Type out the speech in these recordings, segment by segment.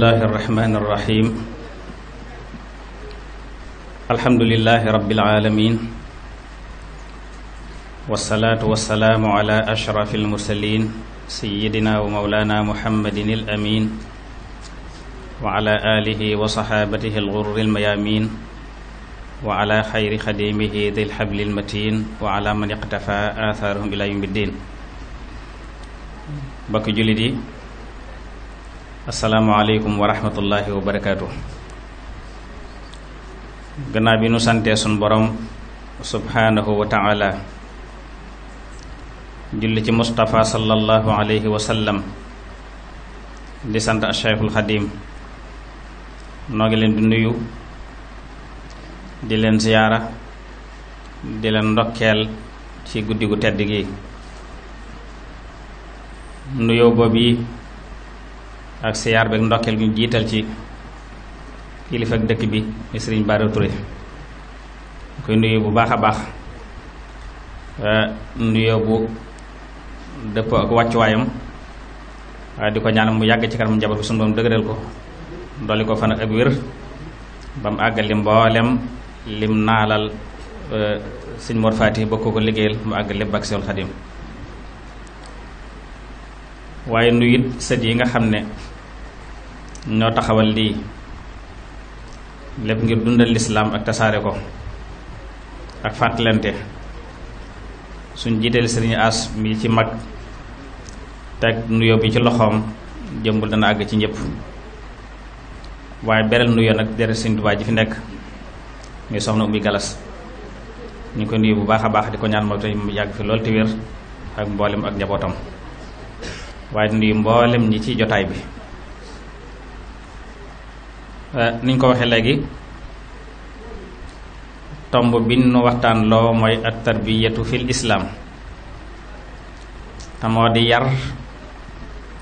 الله الرحمن الرحيم الحمد لله رب العالمين والصلاة والسلام على أشرف المرسلين سيدنا ومولانا محمد الأمين وعلى آله وصحابته الغر الميامين وعلى خير خديمه ذي الحبل المتين وعلى من اقتفى آثارهم إلى يوم الدين بك جلدي asalaamaaleykum wa rahmatullahi wa barakaatu. gannaaw bi nu santee sun borom subhaanahu wa taala julli ci Mustafa sallallahu alayhi wa sallam di sant a Cheikhul noo ngi leen di nuyu di leen ziyaara di leen ndokkeel ci guddi gu tedd gi nuyoo boobu yi ak siyaar beeg ndokkeel gi ñu jiital ci kilifa dëkk bi di Sëriñ Bara Touré koy nuyu bu baax a baax eh, nuyoo bu dëpp ak wàccuwaayam waaye eh, di ko ñaanal mu yàgg ci kanam njaboot bi sunu doom ko dolli ko fan ak wér ba mu àggali mboolem lim naalal eh, sëñ Mor Faati bokk ko liggéeyal mu àgg lépp ak Seexul Xadim waaye nuyu it yi nga xam ne ñoo taxawal lii lépp ngir dundal lislaam ak tasaare ko ak fàttalante suñ jiiteel sëriñ as mi ci mag teg nuyoo bi ci loxoom jëmbul dana àgg ci ñëpp waaye beral nuyoo nag dere sëriñ Tuubaa ji fi nekk muy soxna Oumy galas ñu ko nuyu bu baax a baax di ko ñaan moo tey mu yàgg fi lool te ak mboolem ak njabootam waaye nuyu mboolem ñi ci jotaay bi Eh, niñ ko waxee léegi tomb bi nu waxtaan loo mooy at tarbiyatu fil islaam te moo di yar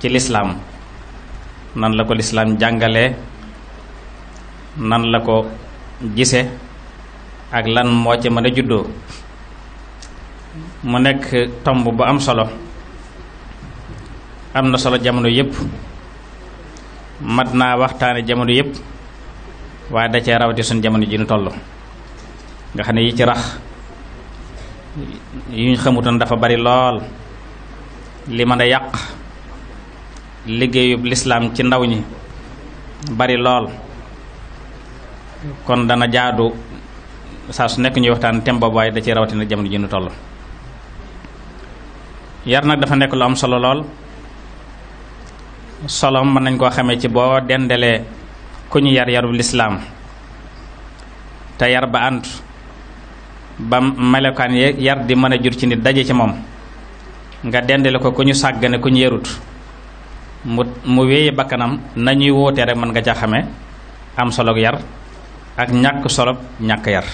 ci lislaam nan la ko lislaam jàngale nan la ko gise ak lan moo ci mën a juddoo mu nekk tomb bu am solo am na solo jamono yépp mat naa waxtaane jamono yépp waaye da cee rawati suñ jamono ji ñu toll nga xam ne yi ci rax yuñ xamutoon dafa bari lool li mën a yàq liggéeyub lislaam ci ndaw ñi bari lool kon dana jaadu saa su nekk ñuy waxtaan tem boobu waaye da ci rawatina jamono ji ñu toll yar nag dafa nekk lu am solo lool solom mën nañ koo xamee ci boo dendalee ku ñu yar yarub lislaam te yar ba àntu ba melokaan yar di mën a jur ci nit daje ci moom nga dendale ko ku ñu sàggane ku ñu yarut mu mu wéye bakkanam nañuy woote rek mën nga ca xame am solo yar ak ñàkk solo ñàkk yar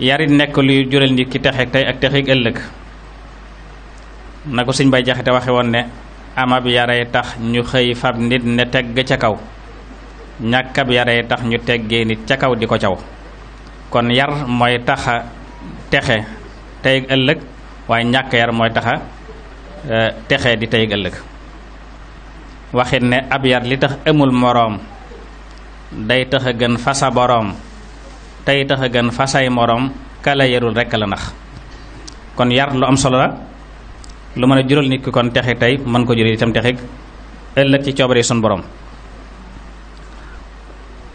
yarit nekk luy jural nit ki texeeg tey ak texeeg ëllëg na ko sëñ bay jaxate waxe woon ne amab yaray tax ñu xëy fab nit ne tegg ca kaw ñàkkab yaray tax ñu teggee nit ca kaw di ko caw kon yar mooy taxa texe tey ëllëg waaye ñàkk yar mooy taxa e, texe di tey ëllëg waxit ne ab yar li tax amul moroom day tax a gën fasa boroom tey tax a gën fasay moroom kala yarul rekk la nax kon yar lu am solo la lu mën a jural nit ki kon texe tey mën ko jural itam texe ëllëg ci coobare sun borom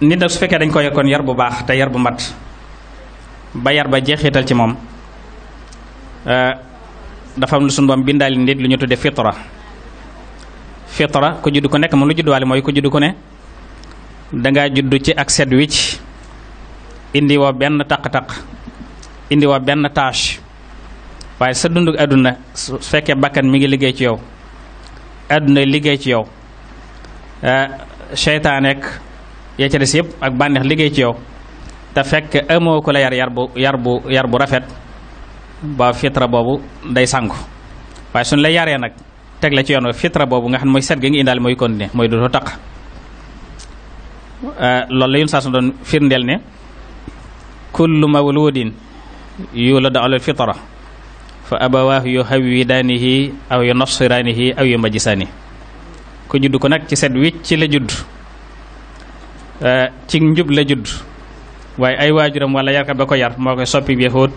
nit nag su fekkee dañ ko yar kon yar bu baax te yar bu mat ba yar ba jeexital ci moom euh, dafa am lu sun borom bindaali nit lu ñu tuddee fitra fitra ku judd ku nekk moom lu judduwaale mooy ku judd ku ne dangaa judd ci ak sedd wicc indi woo benn taq-taq indiwoo benn tâche waaye sa dund àdduna su fekkee bakkan mi ngi liggéey ci yow àdduna liggéey ci yow eh, seytaane ak ya ca des yëpp ak bànneex liggéey ci yow te fekk amoo ko la yar yar bu yar bu rafet ba fitra boobu day sangu waaye suñ la yaree nag teg la ci yoon fitra boobu nga xam mooy set gi nga indaal mooy continuer mooy dootoo taq eh, loolu la yun saa su doon firndeel ne kullu mawludin yuladu alal fitra fa abawaahu yu hawwidaanihi aw yu nasiraanihi aw yu majjisaani ku judd ko nag ci set wicc ci la judd ci njub la judd waaye ay waajuram wala yarkat ba ko yar moo koy soppi yahud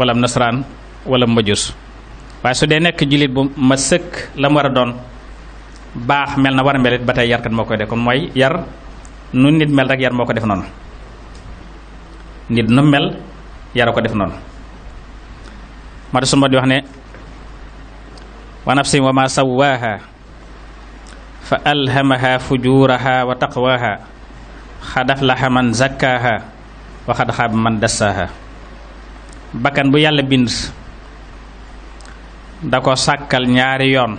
wala nasraan wala majus waaye su dee nekk jullit bu ma sëkk la mu war a doon baax mel na war a mel ba tey yarkat moo koy def kon mooy yar nu nit mel rek yar moo ko def noonu nit nu mel yara ko def noonu ma tax sunu di wax ne wa nafsin wa ma sawaaha fa alhamaha fujuraha wa taqwaha xad aflaha man zakkaaha wa xad xaaba man dassaaha bakkan bu yàlla bind da ko sàkkal ñaari yoon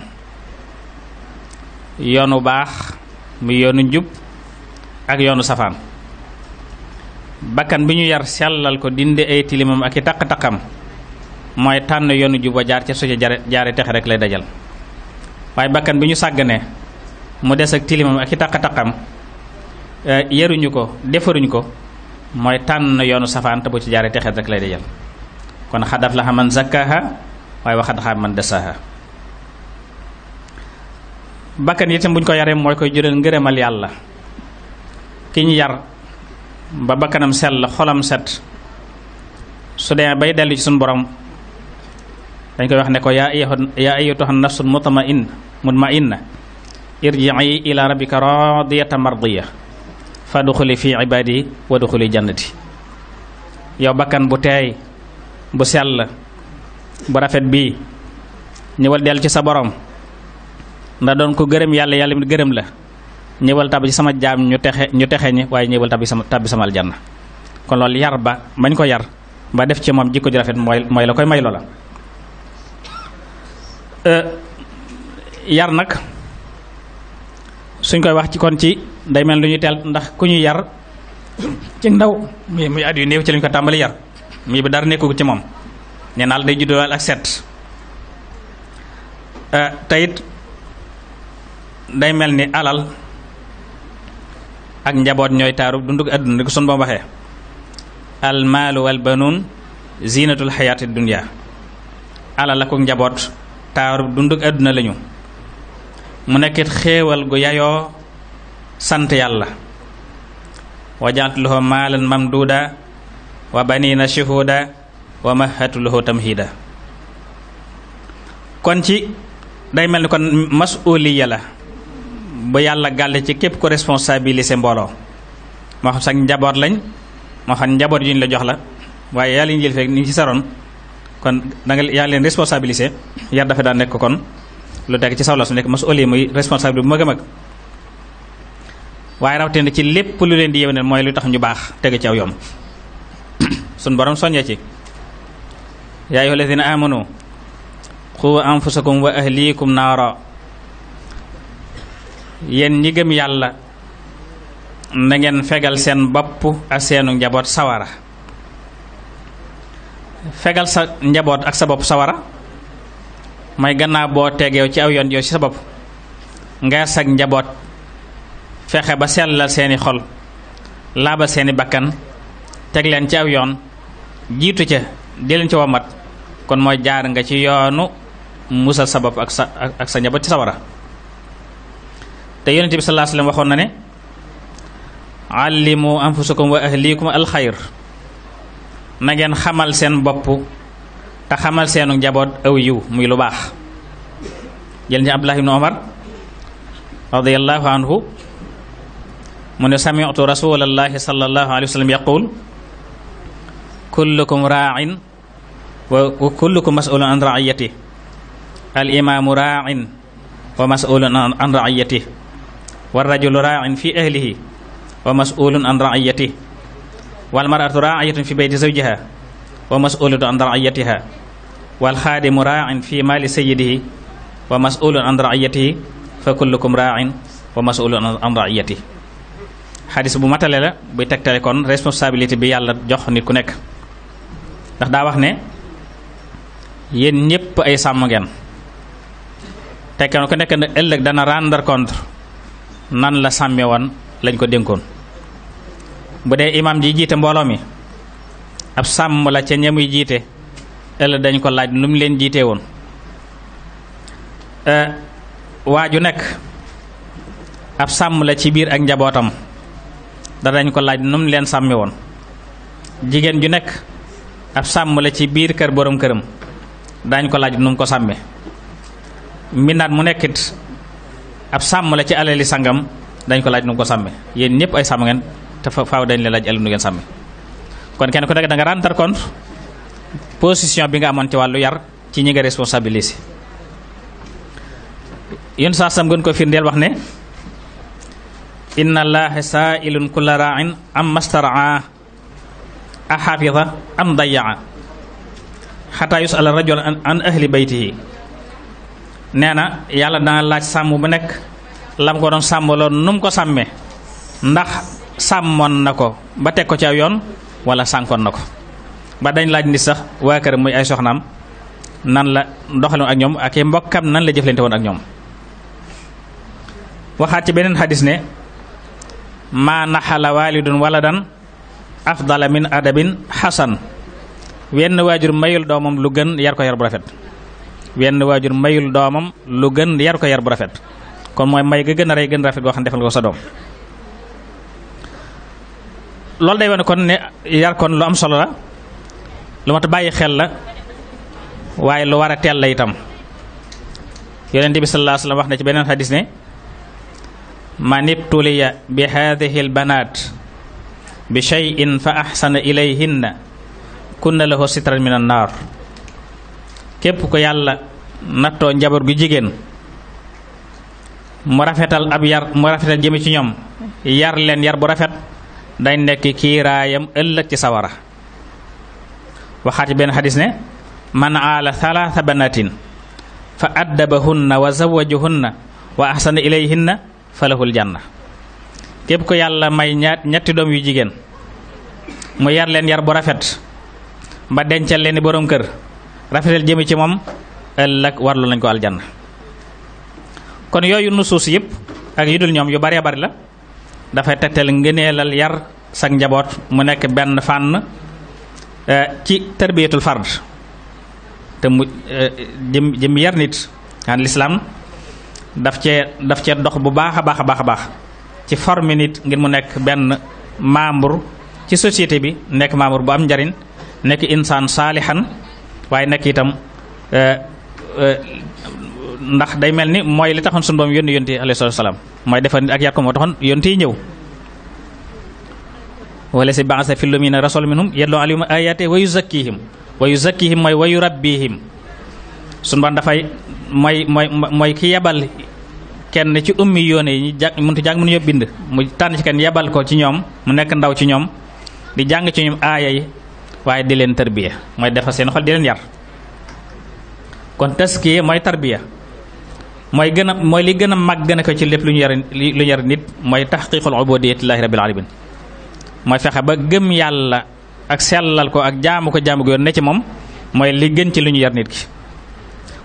yoonu baax mu yoonu njub ak yoonu safaan bakkan bi ñu yar sellal ko dindi ay tilimam ak i taq-taqam mooy tànn yoonu juba jaar ca soja jaare jaare texe rek lay dajal waaye bakkan bi ñu sàgganee mu des ak tilimam ak i taq-taqam eh, yaruñu ko defaruñu ko mooy tànn yoonu safaan te bu ci jaare texe rek lay dajal kon xad aflaha man zakkaha waaye waxad xaab man dasaha yi itam bu ñu ko yaree mooy koy jural ngërëmal yàlla ki ñu yar ba bakkanam sell xolam set su dee bay dellu ci suñu borom dañ koy wax ne ko yaa yaa ayyatuha nafsul mutma'inna mutma'inna irji'i ila rabbika radiyatan mardiya fadxuli fi ibadi wadxuli jannati yow bakkan bu teey bu sell bu rafet bii ñëwal dellu ci sa borom ndax doon ko gërëm yàlla yàlla mi gërëm la ñëwal tab ci sama jaam ñu texe ñu texe ñi waaye ñëwal tab sama tab samal aljanna kon loolu yar ba mañ ko yar ba def ci moom jikko ju rafet mooy mooy la koy may la Euh, yar nag suñ koy wax ci kon ci day mel ni ñuy teel ndax ku ñuy yar ci ndaw muy muy at yu néew ci lañ ko tàmbali yar muy bi dara nekkul ci moom nee naa day juddoo ak set euh, tayit day mel ni alal ak njaboot ñooy taaru dundug àdduna di ko sun ba waxee almaalu wal banuun ziinatul xayaati dunya alal ak njaboot taaru dundug àdduna lañu mu nekkit xéewal gu yayoo sant yàlla wajaatuluhu maalan mamduuda wa banina shuhuuda wa mahatuluhu tamhiida kon ci day mel ni kon masuuliya la bu yàlla gàll ci képp ko responsabilisé mbooloo moo xam sax njaboot lañ moo xam njaboot yuñ la jox la waaye yàlla ñu fekk ni ci saroon kon da nga yaa leen responsabilisé yar dafa daan nekk kon lu teg ci sawla su nekk masuuliya muy responsable bu mag a waaye rawatina ci lépp lu leen di yéwénal mooy lu tax ñu baax teg ci aw yoon sun borom soññee ci yaa ayyuha alladina amanu qu anfusakum wa ahlikum naara yéen ñi gëm yàlla na ngeen fegal seen bopp ak seenu njaboot sawara fegal sa njaboot ak sa bopp sawara may gannaaw boo tegeew ci aw yoon yow ci sa bopp nga sag njaboot fexe ba sellal seeni xol laabal seeni bakkan teg leen ci aw yoon jiitu ca di leen ci wamat kon mooy jaar nga ci yoonu musal sa bopp ak sa ak njaboot ci sawara te yonent bi sallallahu alayhi waxoon na ne allimu anfusakum wa ahlikum alxayr na xamal seen bopp te xamal seenu njaboot aw yiw muy lu baax jël ñi Abdullah ibnu Omar radiyallahu anhu mu ne sami'tu rasulallahi sallallahu alayhi wa sallam yaqul kullukum wa kullukum mas'ulun an ra'iyati al imaamu raa'in wa mas'ulun an ra'iyati wa rajulu raa'in fi ahlihi wa mas'ulun an ra'iyati wal mar'atu raa'iyatun fi bayti zawjiha wa mas'ulatu fi maali sayyidihi wa mas'ulun wa mas'ulun an ra'iyatihi xadis bu matale la buy tegtale kon bi yàlla jox ku nekk ndax daa wax ne yéen ñëpp ay sàmm ngeen te kenn dana rendre nan la sàmme woon lañ ko dénkoon bu dee imam ji jiite mbooloo mi ab sàmm la ci ñamuy jiite ëllëg dañ ko laaj nu mu leen jiite woon euh, waa ju nekk ab sàmm la ci biir ak njabootam danañ ko laaj nu leen sàmmi woon jigéen ju nekk ab sàmm la ci biir kër boroom këram daañ ko laaj nu ko sàmme mbindaat mu nekkit ab sàmm la ci alali sangam dañ ko laaj nu mu ko sàmme yéen ñëpp ay sàmm ngeen te fa faaw dañ la laaj ëllëg ngeen sàmmi kon kenn ko nekk da nga rendre bi nga amoon ci wàllu yar ci ñi nga responsabilisé yun saa sam gën ko firndeel wax ne inna allaha saailun kulla raain am mastaraa a xafida am dayaa xataa yusala rajul an ahli baytihi nee na yàlla dana laaj sàmm bu nekk lam ko doon sàmmaloon ko sàmmee ndax sàmmoon na ko ba teg ko ci aw yoon wala sànkoon na ko ba dañ laaj nit sax waa kër muy ay soxnaam nan la doxaloon ak ñoom ak mbokkam nan la jëflante woon ak ñoom waxaat ci beneen xadis ne maa naxala waalidun waladan afdala min adabin xasan wenn waajur mayul doomam lu gën yar ko yar bu rafet wenn waajur mayul doomam lu gën yar ko yar bu rafet kon mooy may ga gën a rey gën rafet goo xam ne defal ko sa doom loolu day wane kon ne yar kon lu am solo la lu mat a bàyyi xel la waaye lu war a teel la itam yonente bi sallallahu alayhi wax na ci beneen xadis ne man ibtuliya bi haadihi albanaat bi shay'in fa ahsana ilayhinna kunna lahu sitran min an naar képp ko yàlla nattoo njaboot gu jigéen mu rafetal ab yar mu rafetal jëme ci ñoom yar leen yar bu rafet dañ nekk kiiraayam ëllëg ci sawara waxaat benn xadis ne man aala thalaatha banatin fa addabahunna wa zawajahunna wa ahsana ilayhinna falahul janna képp ko yàlla may ñaat doom yu jigéen mu yar leen yar bu rafet ba dencal leen borom kër rafetal jëmi ci moom ëllëg warlu nañ ko aljanna kon yooyu nusuus yëpp ak yu ñoom yu baree bari la dafay tegtal ngëneelal yar sag njaboot mu nekk benn fànn eh, ci tarbiyatul fard te mu eh, jëm jëm yar nit an lislaam daf cee daf cee dox bu baax a baax a baax a baax ci forme nit ngir mu nekk benn membre ci société bi nekk membre bu am njariñ nekk insaan saalihan waaye nekk itam eh, ndax day mel ni mooy li taxoon sunu boom yónni yónti alayhi salaatu salaam mooy defar nit ak yar ko moo taxoon yónti ñëw wala si baasa fi lumina rasul minhum yatlu alayhim ayaati wa yuzakkihim wa yuzakkihim mooy wa yurabbihim sunu boom dafay mooy mooy mooy ki yebal kenn ci ummi yoon yi ñu jàng mënut jàng mënuñoo bind mu tànn ci yebal ko ci ñoom mu nekk ndaw ci ñoom di jàng ci ñoom aaya waaye di leen tarbiya mooy defar seen xol di leen yar kon taskiya mooy tarbiya mooy gën mooy li gën a mag gën a ko ci lépp lu ñu yar lu ñu yar nit mooy taxqiqul ubudiyatillahi rabbil alamin mooy fexe ba gëm yàlla ak sellal ko ak jaamu ko jaamu ko yoon ne ci moom mooy li gën ci lu ñu yar nit ki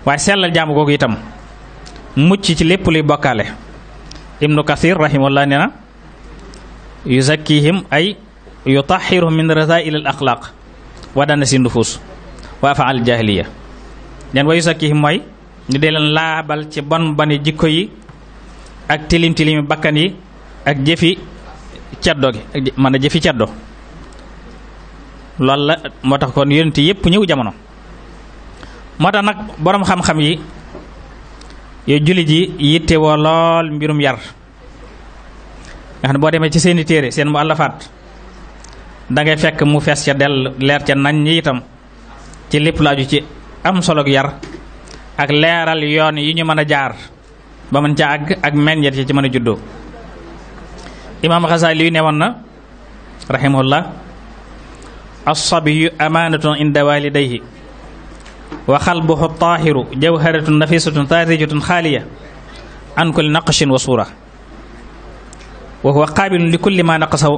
waaye sellal jaamu kooku itam mucc ci lépp luy bokkaale ibnu kathir rahimahullah nee na yuzakkihim ay yutahiruhum min rasail al axlaq wa dana si nufuus wa afaal jahiliya nen wa yuzakkihim mooy ñu dee leen laabal ci bon boni jikko yi ak tilim tilimi bakkan yi ak jëfi caddo gi ak mën a jëfi caddo loolu la moo tax kon yonent yépp ñëw jamono moo tax nag boroom xam-xam yi yooyu jullit yi yitte woo lool mbirum yar nga xam ne boo demee ci seeni téere seen mu àllafaat dangay fekk mu fees ca dell leer ca nañ ñi itam ci lépp laaju ci am solo yar ak leeral yoon yi ñu mën a jaar ba mën ca àgg ak meññet yi ci mën a juddoo imaam Xasaali yu ne woon na rahimahullah as-sabiyu amaanatun inda walidayhi wa xalbuhu taahiru jawharatun nafisatun taatijatun xaaliya an kulli naqshin wa suura wa huwa qaabilun li kulli ma naqasa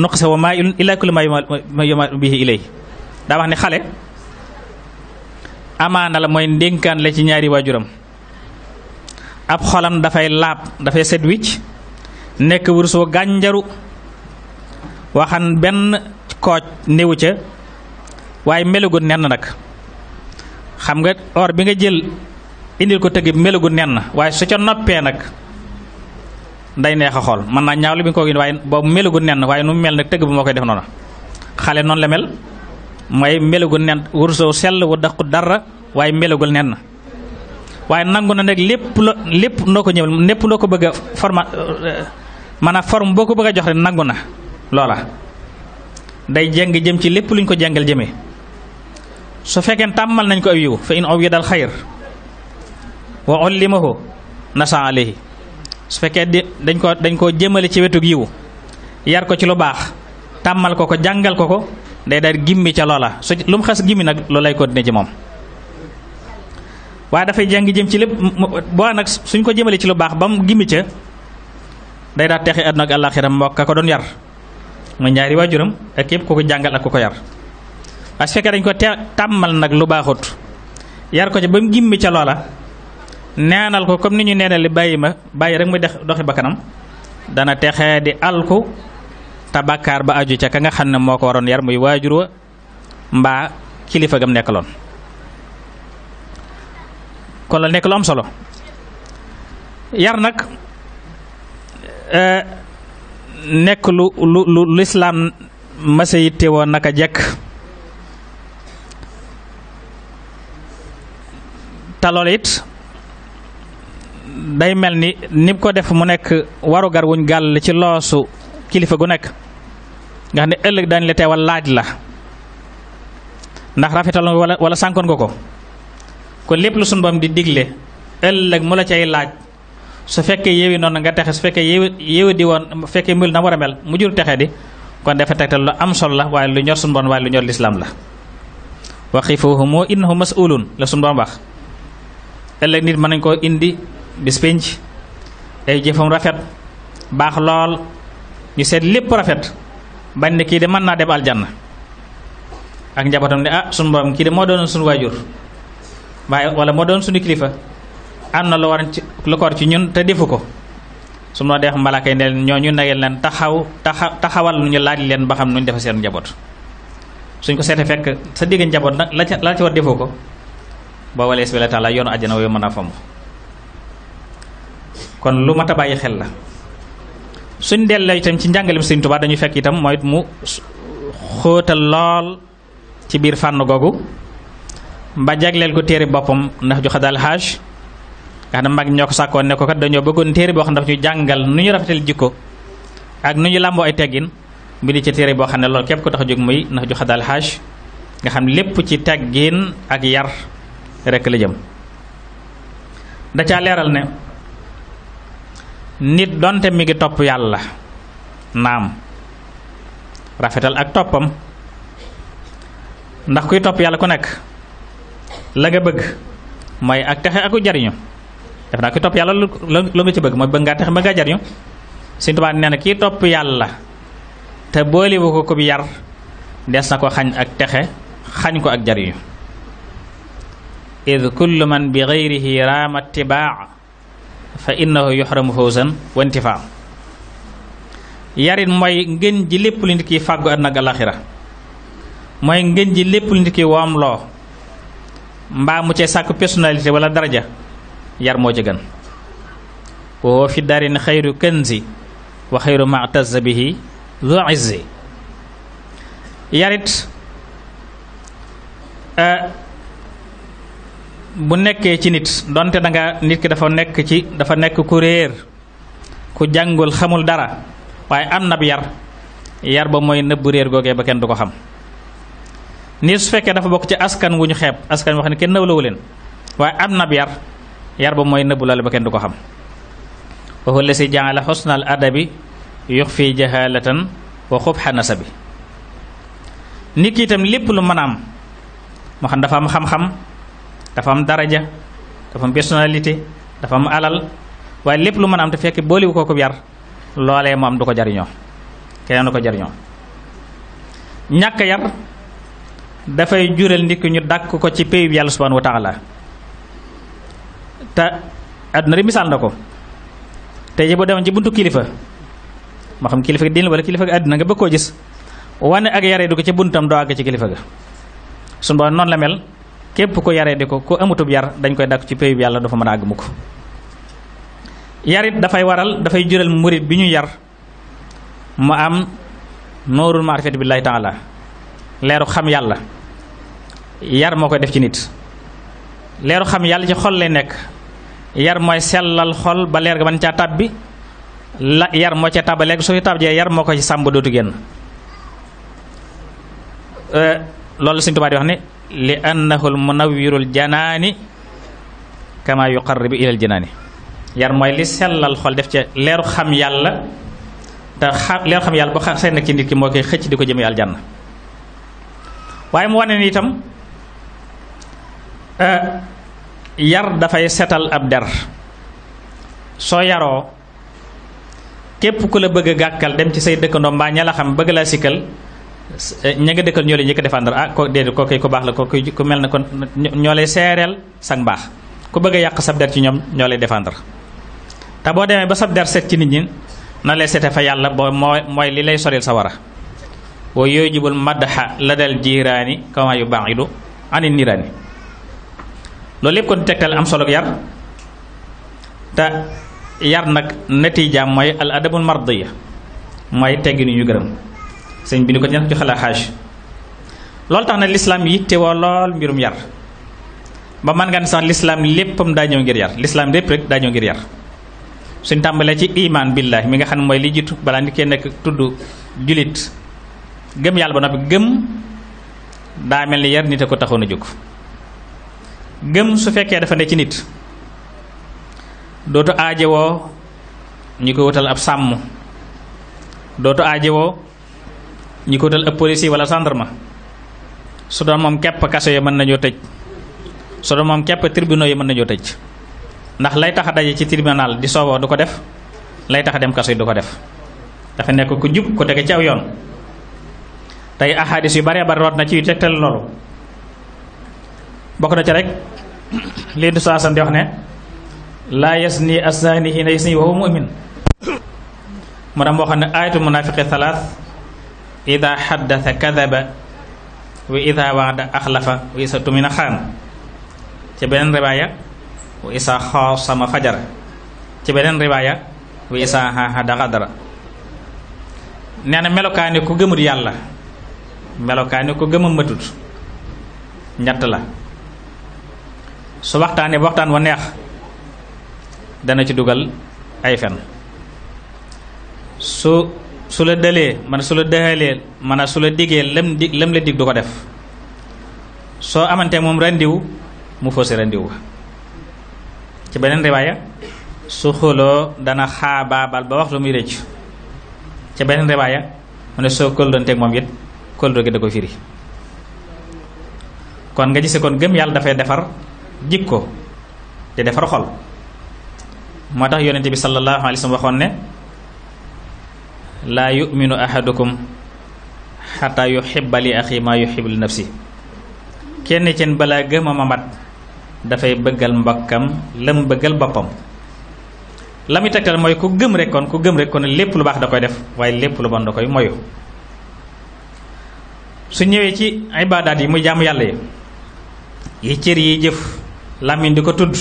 nuqisa wa maa ilaa kulli ma yumaa bihi ilayhi daa wax xale amaana la mooy ndénkaan la ci ñaari waajuram ab xolam dafay laab dafay set wicc nekk wurusoo gànjaru waxan benn kooj néewu ca waaye melagu nen nag xam nga or bi nga jël indil ko tëgg nen na waaye su ca noppee nag day neex a xool mën naa ñaaw li bi nga ko waaye boobu melagu nenn waaye nu mel na tëgg bu moo koy def noonu xale noonu la mel mooy melugul nen wurusoo sell wu daqu dara waaye melugul nen na waaye nangu na nag lépp lo lépp noo ko ñëwal lépp loo ko bëgg a forma euh, maanaam forme boo ko bëgg a jox rek nangu na loola day jàng jëm ci lépp luñ ko jàngal jëmee su fekkee tàmmal nañ ko aw yiw fa in aw yi dal xayr wa ullimahu nasa alayhi su fekkee di dañ ko dañ koo jëmale ci wetug yiw yar ko ci lu baax tàmmal ko ko jàngal ko ko day daal gimmi ca loola su lu mu xas gimmi nag loolay continuer ci moom waaye dafay jàng jëm ci lépp boo nag suñ ko jëmalee ci lu baax ba mu gimmi ca day daal texe àdduna ak àllaaxiram mbokk ko doon yar mu ñaari waajuram ak képp ku ko jàngal ak ku ko yar waaye fekkee dañ ko te tàmmal nag lu baaxut yar ko ca ba mu gimmi ca loola neenal ko comme ni ñu neenal li bàyyi ma bàyyi rek muy dex doxi ba kanam dana texe di alku te bàkkaar ba aju ca ka nga xam ne moo ko waroon yar muy waajur wa mbaa kilifa gam nekkaloon kon la nekk lu am solo yar nag e, nekk lu lu lu lislaam masa yitte woon naka jekk te loolu it day mel ni ni ko def mu nekk warugar wuñ gàll ci loosu kilifa gu nekk nga xam ne ëllëg daañu la teewal laaj la ndax rafetal wala wala sànkoon nga ko kon lépp lu sunu bam di digle ëllëg mu la cay laaj su fekkee yéwi noonu nga texe su fekkee yéwi yéwi di woon bu fekkee mel na war a mu jur texe di kon dafa tegtal lu am solo la waaye lu ñor sunu bam waaye lu ñor lislaam la. waqifuhum innahum mas'ulun la sunu bam wax ëllëg nit mën nañ koo indi bis penc ay jëfam rafet baax lool ñu seet lépp rafet. bañ ne kii de mën naa dem aljanna ak njabootam ne ah sunu borom kii de moo doon sunu waajur waaye wala moo doon suñu kilifa am na lu war ci lu ko war ci ñun te defu ko su ma dee malaaka yi ñoo ñu nagel leen taxaw taxaw taxawal ñu laaj leen ba xam nu defa seen njaboot suñ ko seete fekk sa digg njaboot nag la ca la ci war defoo ko boo walees bi la taala yoonu àjjana wooyu mën a fomb kon lu mat a bàyyi xel la suñ delloo itam ci njàngalem Sëriñ Tuubaa dañuy fekk itam mooy mu xóotal lool ci biir fànn googu mba jagleel ko téere boppam ndax ju xadaal xaaj nga xam mag ñoo ko sàkkoon ne ko kat dañoo bëggoon téere boo xam ne jàngal nu ñu rafetal jikko ak nu ñu làmboo ay teggin mu ci téere boo xam ne lool képp ko tax jóg muy ndax ju xadaal xaaj nga xam lépp ci teggin ak yar rekk la jëm da caa leeral ne nit donte mi ngi topp yàlla naam rafetal ak toppam ndax kuy topp yàlla ku nekk la nga bëgg mooy ak texe aku jariñu def naa kuy topp yàlla lu lu nga ci bëgg mooy bëgg ngaa texe ba ngaa jariñu Sëñ nee na kii topp yàlla te boolewu ko ko bi yar des na ko xañ ak texe xañ ko ak jariñu id kullu man bi gayrihi raama tibaa fa innahu yuhramu fawzan wa intifaa yarit mooy ngeen ji lépp lu nit fàggu àdduna ak alaxira mooy ngeen ji lépp lu nit ki woomloo mbaa mu cee sàkk personnalité wala daraja yar moo ci gën woo fi darin xayru kanzi wa xayru mataz bihi zu izzi yarit bu nekkee ci nit donte da nga nit ki dafa nekk ci dafa nekk ku réer ku jàngul xamul dara waaye am nab yar yar ba mooy nëbb réer googee ba kenn du ko xam ni su fekkee dafa bokk ci askan wu ñu xeeb askan wax ne kenn nawlawu leen waaye am nab yar yar ba mooy nëbb loolu ba kenn du ko xam wa huwa allasi jaala xusnal adabi yux fii jahalatan wa xubxa nasabi nit ki itam lépp lu mën moo xam dafa am xam-xam dafa am daraja dafa am personnalité dafa am alal waaye lépp lu mën a am te fekk booliwu ko ko yar loolee mu du ko jariñoo keneen du ko jariñoo ñàkk yar dafay jural ndikk ki ñu dàkk ko ci péyu yàlla subhanahu wa taala te àdduna rek misaal na ko te ji boo demoon ci buntu kilifa moo xam kilifa gi diin wala kilifa gi àdduna nga bëgg koo gis wane ak yaree du ko ci buntam doo àgg ci kilifa ga suñu borom noonu la mel képp ku yaree di ko ku amutub yar dañ koy dàkk ci péyub yàlla dafa mën a àgg mukk yarit dafay waral dafay jural murit bi ñuy yar mu am noorul maarifati billaahi taala leeru xam yàlla yar moo koy def ci nit leeru xam yàlla ci xol lay nekk yar mooy sellal xol ba leer ga mën caa bi la yar moo ca tab ba léegi su fi tab yar moo koy ci sàmb dootu génn euh, loolu Sëñ Tuubaa di wax ne li annahu l munawwirul janaani kama yuqarribu ilal janaani yar mooy li sellal xol def ca leeru xam yàlla te xam leeru xam yàlla bu xa seen ci nit ki moo koy xëcc di ko jëmee aljanna waaye mu wane ni itam euh, yar dafay setal ab der soo yaroo képp ku la bëgg a gàkkal dem ci say dëkkandoo mbaa ña la xam bëgg laa sikkal Eh, ña nga ñoo leen njëkk a défendre ah ko déedéet ko koy ku baax ko koy ku mel ne kon ñoo lay seereel sang baax ku bëgg yàq sab der ci ñoom ñoo lay defandar te boo demee ba sab der set ci nit ñi na lay sete fa yàlla boo mooy mooy li lay soril sa war a wa yooyu jibul maddaxa la dal jiiraani kama yu baax idu ani niraani loolu lépp kon tegtal am solo yar te yar nag natiijaam mooy al adabul mardiya mooy tegginu ñu gërëm sëñ bi ni ko ñan joxe la xaaj loolu tax na lislaam yi teewoo lool mbirum yar ba man nga ne sax lislaam léppam daa ñëw ngir yar lislaam lépp rek daa ñëw ngir yar suñ tàmbalee ci imaan billahi mi nga xam ne mooy li jiitu balaa nit kee nekk tudd julit gëm yàlla ba noppi gëm daa mel ni yar nit a ko taxoon a jóg gëm su fekkee dafa ne ci nit dootu aajewoo ñi ko wutal ab sàmm dootu aajewoo ñi ko dal ab policier wala gendarme moom képp kaso yi mën nañoo tëj su doon moom képp tribunaux yi mën nañoo tëj ndax lay tax a daje ci tribunal di sooboo du ko def lay tax dem kaso yi du ko def dafa nekk ku jub ku tege ci aw yoon tey axaadis yu baree bari root na ci yu tegtal loolu bokk na ci rek lii du saasan di wax ne laa yasni assaani hiina yasni wa huwa mu'min mu dam boo xam ne aayatu munaafiqi thalath ida xaddasa kadaba wa ida waada axlafa wa isa tumina xaan ci beneen riwaaya wa isa xaasama fajara ci beneen riwaaya wa isa xaaxada xadara nee na melokaani ku gëmut yàlla melokaani ku gëma matut ñett la su waxtaanee waxtaan wu neex dana ci dugal ay fen su su la dalee man su la dëxalee man su la diggee lam di lam la dig du ko def soo amantee moom rendiw mu fausse rendiw ba ci beneen riwaaya su xuloo dana xaabaabal ba wax lu muy rëcc ca beneen riwaaya mu ne soo kóllonteeg moom it kólloo gi da ko firi kon nga gise kon gëm yàlla dafay defar jikko di defar xol moo tax yonente bi sallallahu alayhi wa sallam waxoon ne laa yuminu ahadukum xataa yuhibba li axi maa yuhibbu nafsi kenn ceen balaa gëm a mat dafay bëggal mbokkam la mu bëggal boppam la muy tegtal mooy ku gëm rek kon ku gëm rek lépp lu baax da koy def waaye lépp lu bon da koy moyu su ñëwee ci ibaadaat yi muy jaamu yàlla yi yi cër yi jëf làmmiñ di ko tudd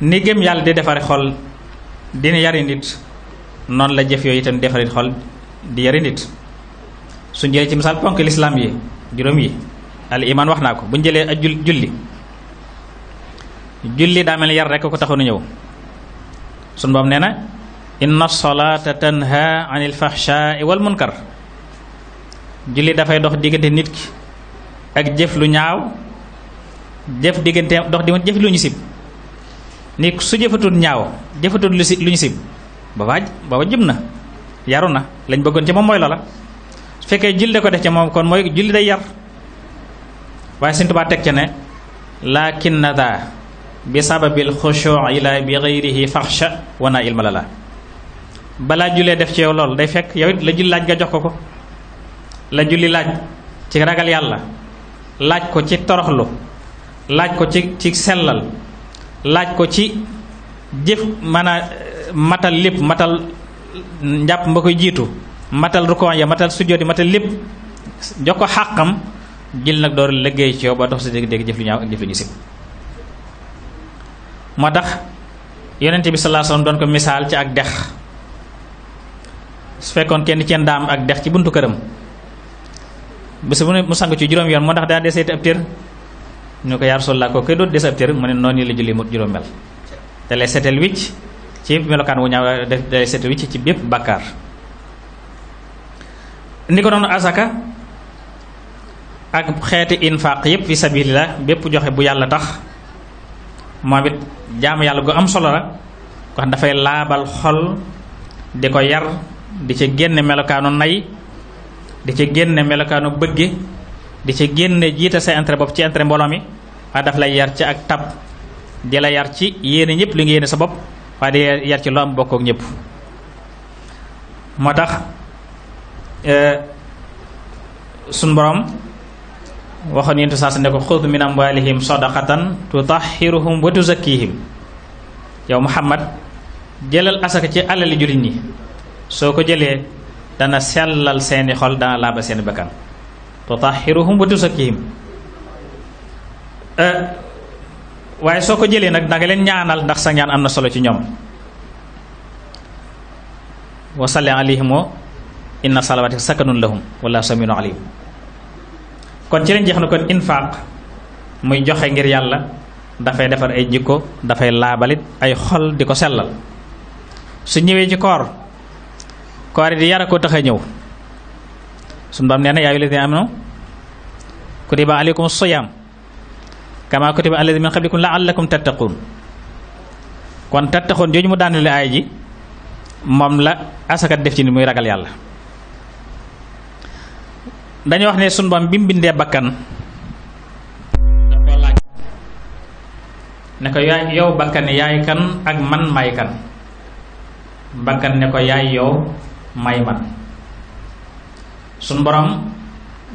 ni gëm yàlla di defare xol dina yari nit noonu la jëf yooyu itam defarit xol di yari nit suñ jëlee ci misaal ponk lislaam yi juróom yi al iman wax naa ko buñ jëlee ak julli julli daa mel yar rekk ko taxoon ñëw suñ boom nee na inna salata tanha anil fahshaai wal munkar julli dafay dox diggante nit ki ak jëf lu ñaaw jëf diggante dox di jëf lu ñu sib nit su jëfatul ñaaw jëfatul lu si booba booba jëm na yaru na lañ bëggoon ci moom mooy loola su fekkee julli ko def ci moom kon mooy julli day yar waaye Sëriñ Tuubaa teg ca ne laakin nada bi sababil xushuuc ila bi gayrihi faxsha wana ilma la la balaa jullee def ci yow day fekk yow la julli laaj nga jox ko ko la julli laaj ci ragal yàlla laaj ko ci toroxlu laaj ko ci ci sellal laaj ko ci jëf maanaam matal lépp matal njàpp ma koy jiitu matal rukon ya matal sujjóot yi matal lépp jox ko xàqam jil nag door liggéey ci yow ba dox si dégg-dégg jëf ñaaw ak jëf ñu sib moo tax yonent bi sallallahu alayhi wasallam doon ko misaal ci ak dex su fekkoon kenn ci ndaam ak dex ci buntu këram bés bu ne mu sang ci juróom yoon moo tax daa deseeti ab tér ñu ko yaa Rasulullah ko koy doot des ab tér mu ne noonu la julli mut juróom mel te lay setel wicc ci melokaan wu ñaaw def day set wicc ci bépp bàkkaar ni ko noonu asaka ak xeeti infaq yépp fi la bépp joxe bu yàlla tax moom it jaamu yàlla gu am solo la ko xam dafay laabal xol di ko yar di ci génne melokaanu nay di ci génne melokaanu bëgge di ci génne jiite sa intérêt bopp ci intérêt mbooloo mi waaye daf lay yar ci ak tab di la yar ci yéene ñëpp li nga yéene sa bopp waaye di yar ci loo am bokk ak ñëpp moo tax e, suñ borom waxoon yentu saa sa ne ko xud min amwalihim sadaqatan tutahhiruhum wa tuzakkihim yow muhammad jëlal asaka ci alali jullit ñi soo ko jëlee dana sellal seeni xol dana laaba seeni bakkan tutahhiruhum wa tuzakkihim e, waaye soo ko jëlee nag danga leen ñaanal ndax sa am na solo ci ñoom wa salli alayhim inna salawatika sakanun lahum wala samiun alim kon ci lañ jeex na kon infaaq muy joxe ngir yàlla dafay defar ay jikko dafay laabalit ay xol di ko sellal su ñëwee ci koor koor yi di yara ko tax a ñëw suñu baam nee na yaa ayyuhal lazina amanu kutiba alaykumus siyaam kama kutiba ku min qablikum la'allakum tattaqun kon tattaqun jooju mu daanale aay ji moom la asakat def ci ni muy ragal yàlla dañu wax ne sunu Boroom bi mu bindee bakkan da ko ne ko yaay yow bakkan yaay kan man may kan bakkan ko yaay yow may man sunu Boroom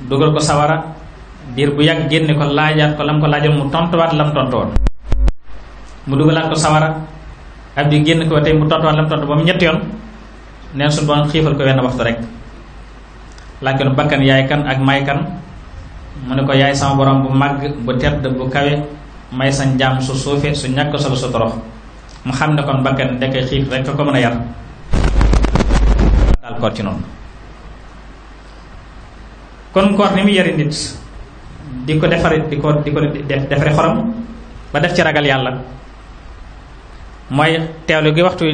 dugal ko sawara diir bu yàgg génne ko laajaat ko lam ko laajoon mu tontuwaat lam tontuwoon mu dugalaat ko sawara ab di génn ko tey mu tontuwaat lam tontu ba mu ñetti yoon neen suñu borom xiifal ko wenn waxtu rek laaj ko bakkan yaay kan ak may kan mu ne ko yaay sama borom bu màgg bu tedd bu kawe may sa njaam su suufe su ñàkk solo su torox mu xam ne kon bakkan da koy xiif rek ko mën a yar daal koor ci noonu kon koor ni mu yari nit di ko defare di ko di ko defare xorom ba def ci ragal yàlla mooy teewlu gi waxtu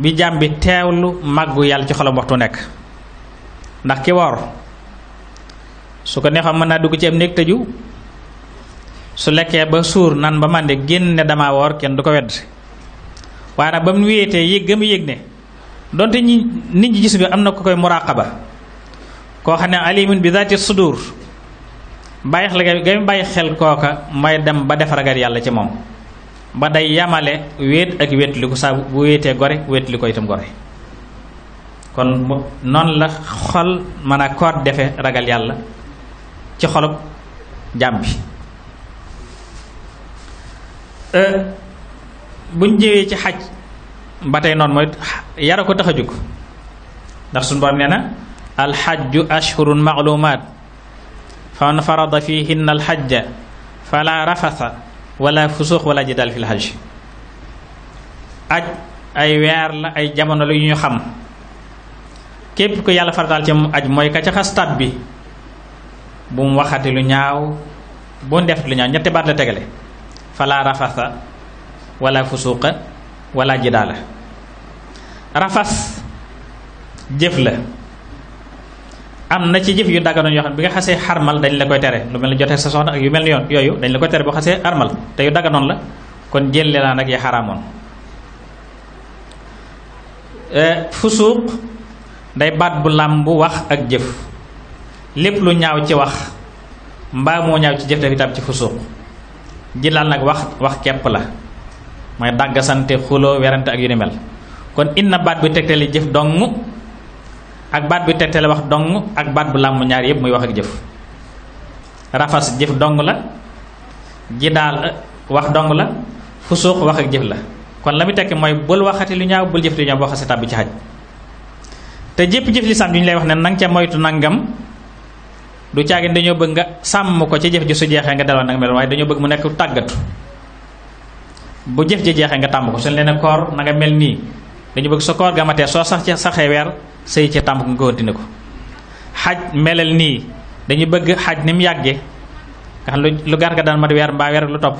bi jaam teewlu màggu yàlla ci xolam waxtu nekk ndax ki woor su ko neexoon mën naa dugg ci am néeg tëju su lekkee ba suur nan ba màndi génn ne dama woor kenn du ko wedd waaye nag ba mu wéetee yëg ga mu yëg ne donte ñi nit ñi gis am na ko koy muraqaba koo xam ne alimun bi zaati sudur bàyyi xel xel kooka mooy dem ba def ragal yàlla ci moom ba day yamale wéet ak wéetliku saa bu wéetee gore wéetli ko itam gore kon noonu la xol mën a koot defe ragal yàlla ci xolub jàmm bi euh, buñ jëwee ci xaj ba tey noonu mooy yara ko tax a jóg ndax suñu borom nee na alxajju ashhurun maalumaat fa man fi fihinna alxajja fala rafasa wala fusux wala jidal fil hajj aj ay weer la ay jamono la yu ñu xam képp ku yàlla farataal ci mu aj mooy ka ca xas tab bi bu mu waxati lu ñaaw bu mu def lu ñaaw ñetti baat la tegale fala rafasa wala fusuqa wala jidaala rafas jëf la am na ci jëf yu dagganoon yoo xam bi nga xasee xarmal dañ la koy tere lu mel ne jotee sa soxna ak yu mel yoon yooyu dañ la koy tere boo xasee armal te yu dagganoon la kon jëlle laa nag ya xaraamoon euh, day baat bu làmb wax ak jëf lépp lu ñaaw ci wax mbaa moo ci jëf daf itam ci fusuuq jilaal nag wax wax kepp la mooy dàggasante xuloo werante ak yu ni mel kon inna baat bi tegtali jëf dong ak baat bi tegtale wax dong ak baat bu làmm ñaar yëpp muy wax ak jëf rafas jëf dong la jidaal wax dong la fusuux wax ak jëf la kon la muy tekk mooy bul waxati lu ñaaw bul jëf lu ñaaw boo xasee tàbbi ci xaj te jëpp jëf lislaam ju ñu lay wax ne nang ca moytu nangam du caagin dañoo bëgg nga sàmm ko ci jëf ju su jeexee nga delloo nag mel waaye dañoo bëgg mu nekk tàggatu bu jëf ji jeexee nga tàmm ko suñ leen koor na nga mel nii dañu bëgg sa koor sëy ca tàmb nga continué ko xaj melal nii dañu bëgg xaj ni mu yàggee nga xam lu gar nga daan mat weer mbaa lu topp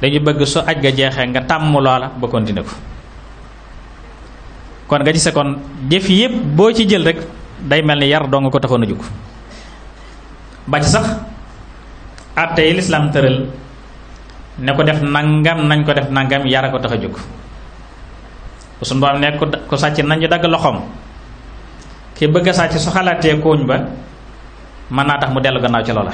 dañu bëgg su aj ga jeexee nga tàmm loola ba continué ko kon nga gisee kon jëf yépp boo ci jël rek day mel ni yar doo nga ko taxoon a jóg ba sax atte yi lislaam tëral ne ko def nangam nañ ko def nangam yara ko tax a jóg ku suñu borom ne ku sàcc nañu dagg loxoom ki bëgg a sàcc su xalaatee kooñ ba mën naa tax mu dellu gannaaw ca loola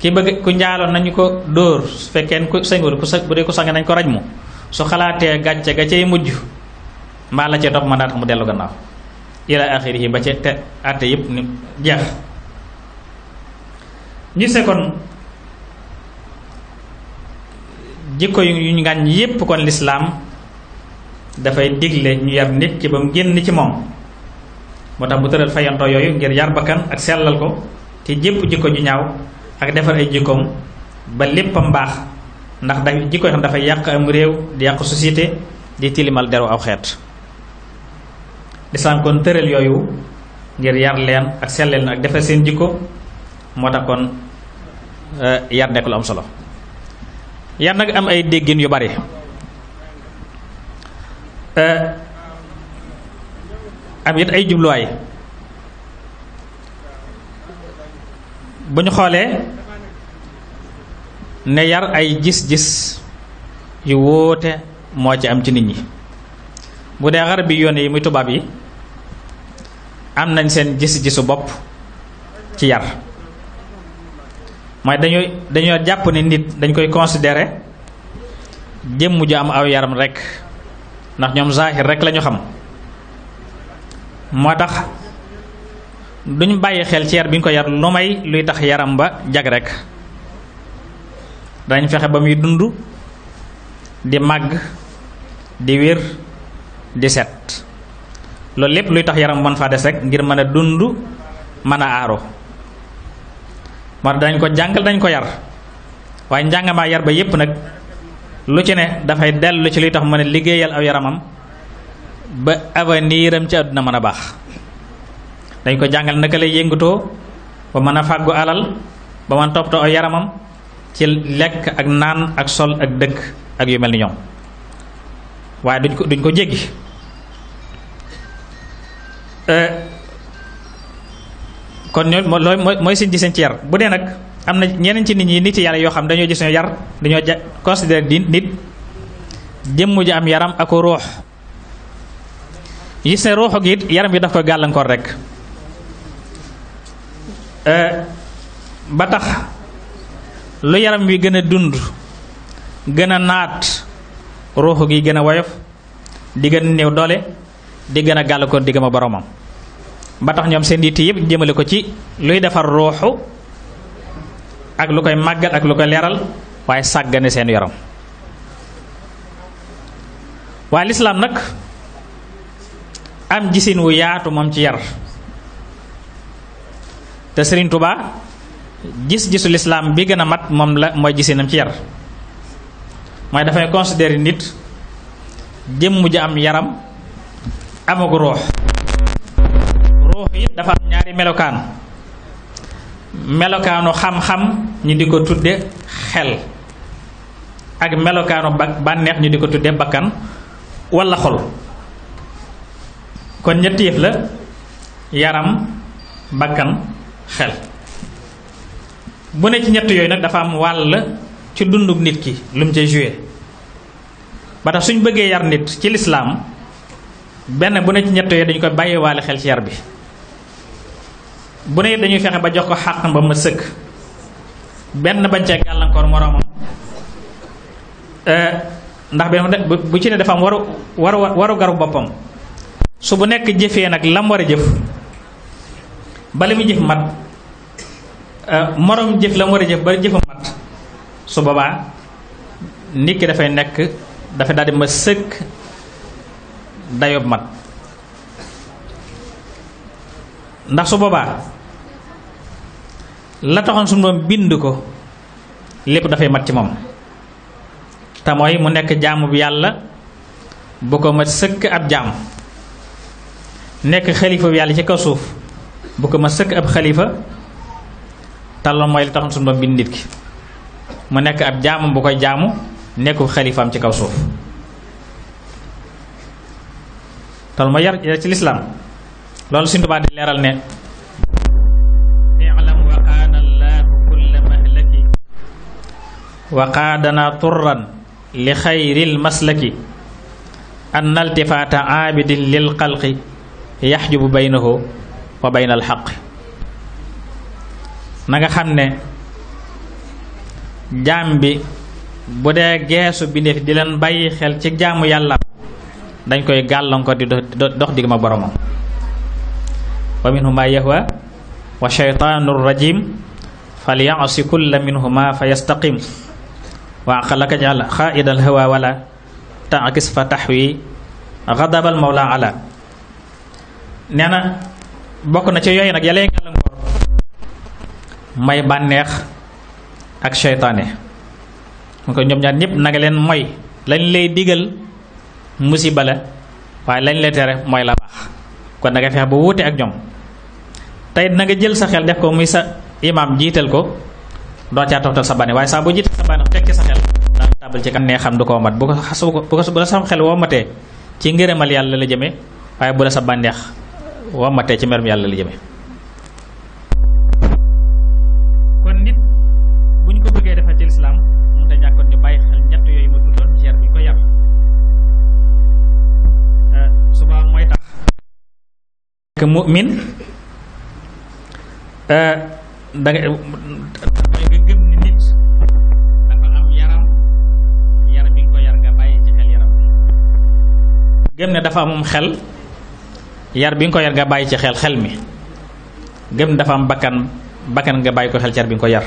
ki bëgg ku njaaloon nañu ko dóor su fekkee ku sëngul ku sa bu dee ku sange nañ ko raj mu su xalaatee gàcce ga cay mujj mbaa la cee topp mën naa tax mu dellu gannaaw ila axiri yi ba ca te àtte yëpp ni jeex gise kon jikko yu ñu yépp kon lislaam dafay digle ñu yar nit ki ba mu génn ci moom moo tax mu tëral fayantoo yooyu ngir yar bakkan ak sellal ko te jépp jikko ju ñaaw ak defar ay jikkoom ba léppam baax ndax da jikko dafay yàq am réew di yàq société di tilimal deru aw xeet lislaam kon tëral yooyu ngir yar leen ak sellal leen ak defar seen jikko moo tax kon eh, yar nekk lu am solo yar nag am ay déggin yu bari eh, am it ay jubluwaay bu ñu xoolee ne yar ay gis-gis yu wóote moo ci am ci nit ñi bu dee xar bi yoon yi muy tubaab yi am nañ seen jis gisu bopp ci yar mooy dañoo dañoo jàpp ni nit dañ koy considéré jëmm ju am aw yaram rekk ndax ñoom zaahir rekk lañu xam moo tax duñ bàyyi xel ci yar bi ñu ko yar lu may luy tax yaram ba jag rek dañ fexe ba muy dund di màgg di wér di set loolu lépp luy tax yaram mën faa des rek ngir mën a dund mën a aaro moo tax dañ ko jàngal dañ ko yar waaye njàngamaa yar ba yépp nag lu ci ne dafay dellu ci luy tax mën a liggéeyal aw yaramam ba avenir am ci àdduna mën a baax dañ ko jàngal naka lay yëngatoo ba mën a fàggu alal ba mën a toppatoo ay yaramam ci lekk ak naan ak sol ak dëkk ak yu mel ni ñoom waaye duñ ko duñ ko jéggi euh, kon ñoom mooy mooy seen ci seen ci yar bu dee nag am na ñeneen ci nit ñi nit yàlla yoo xam dañoo gis ne yar dañoo ja considéré di nit jëmm ji am yaram ak ruux gis ne ruuxu gi yaram bi daf koy gàllankoor rek euh, ba tax lu yaram wi gën a dund gën a naat ruuxu gi gën a woyof di gën a néew doole di gën a gàllankoor di gëm a boromam ba tax ñoom seen yitte yëpp jëmale ko ci luy defar ruuxu ak lu koy màggal ak lu koy leeral waaye sàggane seen yaram waaye lislaam nag am gisin wu yaatu moom ci yar te Sëriñ Tuba gis-gisu lislaam bi gën a mat moom la mooy gisinam ci yar mooy dafay considérer nit jëmm ji am yaram amagu ruux ruux it dafa am ñaari melokaan melokaanu xam-xam ñu di ko tudde xel ak melokaanu ba bànneex ñu di ko tudde bakkan walla xol kon ñetti la yaram bakkan xel bu ne ci ñett yooyu nag dafa am wàll ci dunduk nit ki lum mu ca joué ba tax suñ bëggee yar nit ci lislaam benn bu ne ci ñett yooyu dañu koy bàyyi waale xel ci yar bi bu ne dañuy fexe ba jox ko xàq ba ma sëkk benn bañ cee gàllankoor moroomam eh, ndax benn bu ci ne dafa am waru waru waru garu boppam su bu nekk jëfee nag lam war jëf bala mu jëf mat euh, moroom jëf lam a jëf ba jëfa mat su boobaa nit ki dafay nekk dafa daal di ma sëkk dayob mat ndax su boobaa la taxoon suñu bind ko lépp dafay mat ci moom te mooy mu nekk jaamu bu yàlla bu ko ma sëkk ab jaam nekk xalifa yàlla ci kaw suuf bu ko ma sëkk ab xalifa tàlloon mooy li taxoon suñu ba bind nit ki mu nekk ab jaamu bu koy jaamu nekku xalifaam ci kaw suuf tal ma yar ci lislaam loolu suñu Tuubaa di leeral ne waqaadana turran li xayril maslaki an naltifaata aabidin lil xalqi yaxjubu baynahu wa bayna al xaq na nga xam ne jaam bi bu dee geesu bindeef di leen bàyyi xel ci jaamu yàlla dañ koy gàllankoor di dox digg ma boromam wa minhuma yahwa wa shaytaanu rajim falyasi kulla minhuma fa yastaqim wa aqalaka jal xaaida alhawa wala taakis fa taxwi gadabal mawla ala nee na bokk na ci yooyu nag yàlla gàllankoor may bànneex ak seytaane mu ko ñoom ñaar ñëpp na leen mooy lañ lay diggal musiba la waaye lañ lay tere mooy la baax kon na nga feex ba wuute ak ñoom tey nanga jël sa xel def ko muy sa imaam jiital ko doo caa toftal sa bànneex waaye saa boo jiital sa bànneex tekki sa xel daa tàbbal ci kan nee xam du ko mat bu ko bu ko bu la sam xel woo matee ci ngërëmal yàlla la jëmee waaye bu la sa bànneex wammatee ci merum yàlla la kon nit bu ñu ko bëggee defal ci lislaam mun ta ñàkkoon ñu bàyyi xel ñett yooyu ma tuddoon ci yar bi ñu ko yar euh, suba mooy tax nekk mu'min euh, danga mooy nga gëm ni nit dafa am yaram yaram bi nga ko yar nga bàyyi ci xel yaram gëm ne dafa amum xel yar bi nga ko yar nga bàyyi ci xel xel mi gëm dafa am bakkan bakkan nga bàyyi ko xel ci yar bi nga ko yar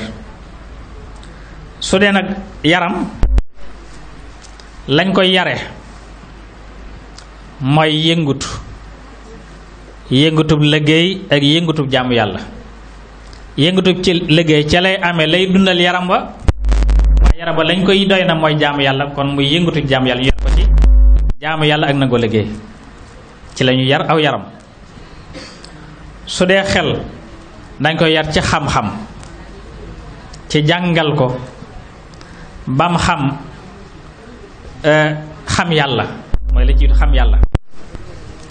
su dee nag yaram lañ koy yare mooy yëngutu yëngutub liggéey ak yëngutub jaamu yàlla yëngutub ci liggéey ca lay amee lay dundal yaram wa waaye yaram wa lañ koy doy na mooy jàmm yàlla kon muy yëngutu jàmm yàlla ñu yar ko ci jaamu yàlla ak nangoo liggéey ci lañu yar aw yaram su dee xel dañ ko yar ci xam-xam ci jàngal ko bam xam euh, xam yàlla mooy la ci xam yàlla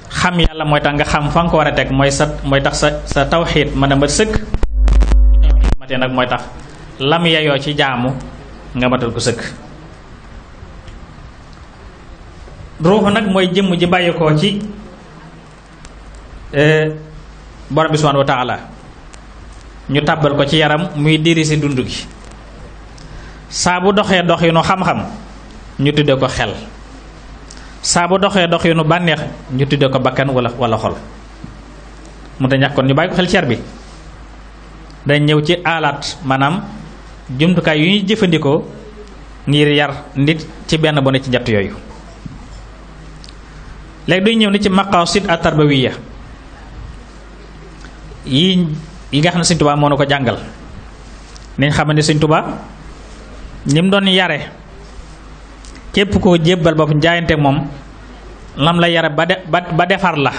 xam yàlla mooy tax nga xam fa nga ko war a teg mooy sa mooy tax sa sa tawxiit mën a mat sëkk matee nag mooy tax lam yayoo ci jaamu nga matal ko sëkk ruux nag mooy jëmm ji bàyyi ko ci Eh, borom bi subhanahu wa taala ñu tàbbal ko ci yaram muy diri si dund gi saa bu doxee dox yu nu xam-xam ñu tudde ko xel saa bu doxee dox yu nu bànneex ñu tudde ko bakkan wala wala xol mu te ñàkkoon ñu bàyyi ko xel cer bi day ñëw ci aalaat maanaam jumtukaay yu ñuy jëfandikoo ngir yar nit ci benn bu ci njatt yooyu léegi duy ñëw ni ci maqasid at-tarbawiyya yii yi nga xam ne sëñ tubaa moo na ko jàngal nañ xam ne sëñ tubaa ni mu doon yare képp koo jébbal boppam njaayante moom lam la yare ba de ba defar la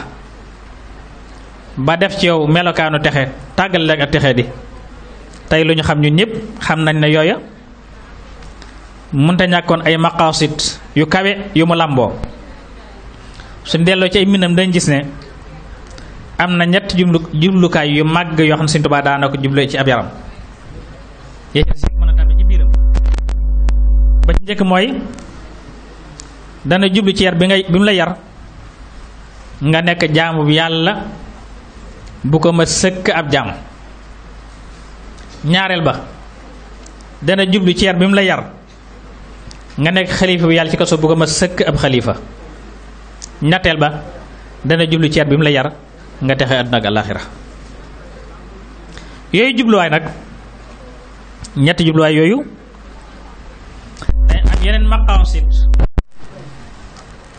ba def ci yow melokaanu texe tàggal la ak texe di tey lu ñu xam ñun ñëpp xam nañ ne yooya mënta ñàkkoon ay maqaasit yu kawe yu mu làmboo suñ delloo ci ay mbindam dañ gis ne am na ñett jublu jublukaay yu màgg yoo xam ne Sëñ Tuubaa daana ko jubloo ci ab yaram ba ci njëkk mooy dana jublu ci bi nga bi mu la yar nga nekk jaamu yàlla bu ko ma sëkk ab jaam ñaareel ba dana jublu ci yar bi mu la yar nga nekk xalifa bu yàlla ci kaso bu ko ma sëkk ab xalifa ñetteel ba dana jublu ceer yar bi mu la yar nga texe àdduna ak àllaaxira yooyu jubluwaay nag ñett jubluwaay yooyu day am yeneen maqaam sit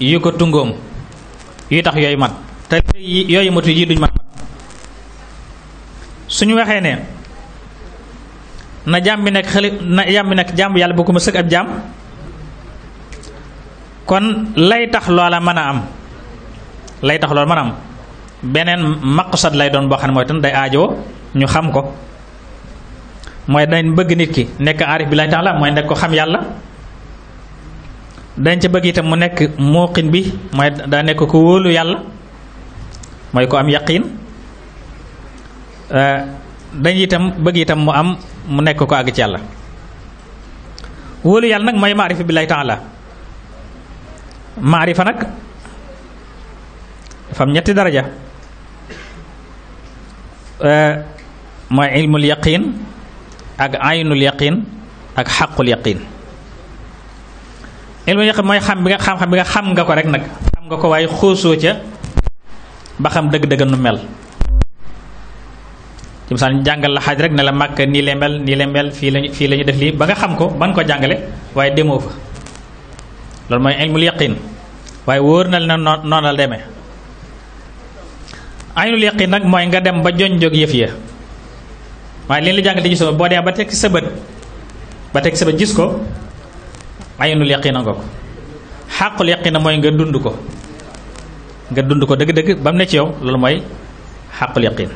yu ko tungoom yu tax yooyu mat te yooyu matu yi duñ mat ñu waxee ne na jaam bi nekk xëli na jaam bi nekk jaam yàlla bu ko ma sëkk ab jaam kon lay tax loola mën a am lay tax lool mën a am beneen maqsad lay doon boo xam ne mooy tan day aajoo ñu xam ko mooy dañ bëgg nit ki nekk aarif bi lay taala mooy nekk ko xam yàlla dañ ca bëgg itam mu nekk muuqin bi mooy nekk ko wóolu yàlla mooy ko am yaqiin euh, dañ itam bëgg mu am mu nekk ko àgg ci yàlla wóolu yàlla nag mooy maarifa bi lay taala maarifa nag dafa am ñetti daraja Eh, mooy ilmul yaqin ak aynul yaqin ak xaqul yaqin ilmul yaqin mooy xam bi nga xam-xam bi nga xam nga ko rek nag xam nga ko waaye xuusoo ca ba xam dëgg-dëgg nu mel ci misaal ñu la xaaj rek ne la màkk nii lay mel nii lay mel fii lañu fii la ñu def lii ba nga xam ko ban ko jàngale waaye demoo fa loolu mooy ilmul yaqin waaye wóor na la noonu la demee aynul yaqin nag mooy nga dem ba jonjoog yëf ya waaye leen la jàngal te gisoo boo dee ba teg sa bët ba teg sa bët gis ko aynul yaqin nga ko xàqul na mooy nga dund ko nga dund ko dëgg-dëgg ba mu ne ci yow loolu mooy xàqul yaqin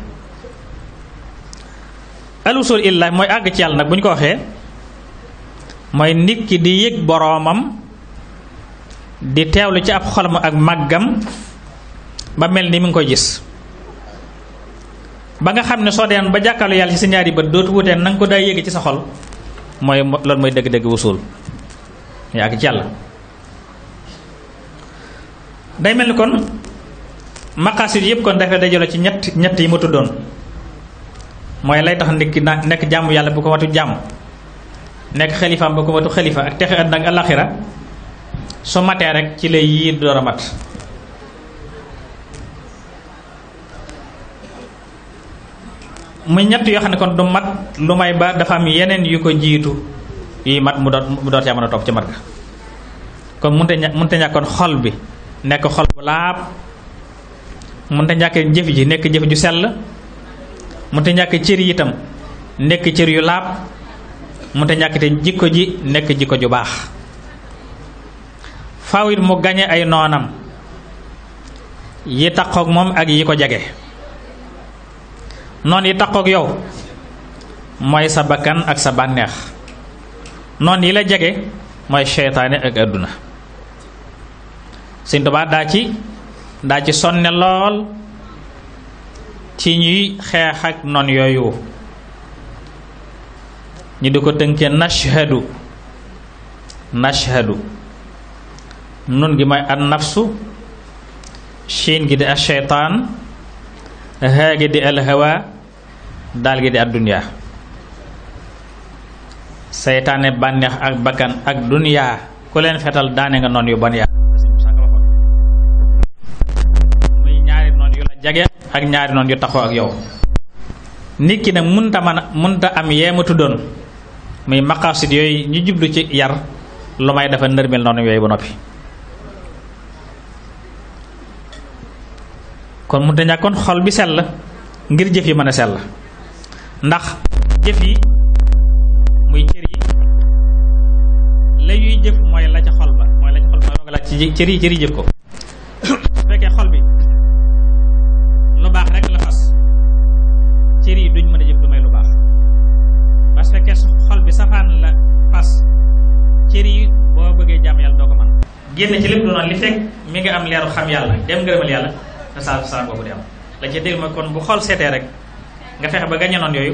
alusul illah mooy àgg ci yàlla nag bu ñu ko waxee mooy nit ki di yëg boroomam di teewlu ci ab xolam ak maggam ba mel ni mi ngi koy gis ba nga xam ne soo deen ba jàkkaarlu yàlla ci sa ñaari bët dootu wutee na nga ko day yéege ci sa xol mooy loolu mooy dégg dëgg wusul yaa ngi ci day mel ni kon maqaasid yëpp kon dafay dajale ci ñett ñett yi ma tuddoon mooy lay tax nit na nekk jàmm yàlla bu ko watu jàmm nekk xalifaam bu ko watu xalifa ak texe àddina ak alaxira su matee rek ci lay yii door a mat muy ñett yoo xam ne kon du mat lu may ba dafa am yeneen yu ko jiitu yi mat mu doot yaa mën a topp ci mat ga kon mënut a ña mënut a ñàkkoon xol bi nekk xol bu laab mënut a ñàkkee jëf ji nekk jëf ju sell mënut a ñàkk cër yi itam nekk cër yu laab mënut a ñàkk te jikko ji nekk jikko ju baax faaw it mu gañe ay noonam yi taxoog moom ak yi ko jege. noon yi taqoog yow mooy sa bakkan ak sa bànneex noon yi la jege mooy seytaane ak àdduna Sëñ Tuubaa daa ci daa ci sonne lool ci ñuy xeex ak noon yooyu ñu di ko tënkee nashhadu nashhadu nun gi mooy an nafsu shiin gi di al sheytaan haa gi di al hawa daal gi di ab duniyaa seytaane bànneex ak bakkan ak duniyaa ku leen fetal daane nga noon yu bon yaa muy ñaari noon yu la jege ak ñaari noon yu taxoo ak yow nit ki nag munta man munta am yee ma tuddoon muy maqasid yooyu ñu jublu ci yar lu may dafa nërmel noonu yooyu ba noppi kon munta ñàkkoon xol bi sell ngir jëf yi mën a sell ndax jëf yi muy cër yi la ñuy jëf mooy la ca xol ba mooy la ca xol ba mooy la ci yi cër yi jëf ko su xol bi lu baax rek la fas cër yi duñ mën a jëf lu may lu baax parce que xol bi safaan la fas cër yi boo bëggee jàmm yàlla doo ko mën génn ci lépp noonu li fekk mi nga am leeru xam yàlla dem ngërëmal yàlla te saa saa boobu di am la ca ma kon bu xol seetee rek nga fexe ba gañe noon yooyu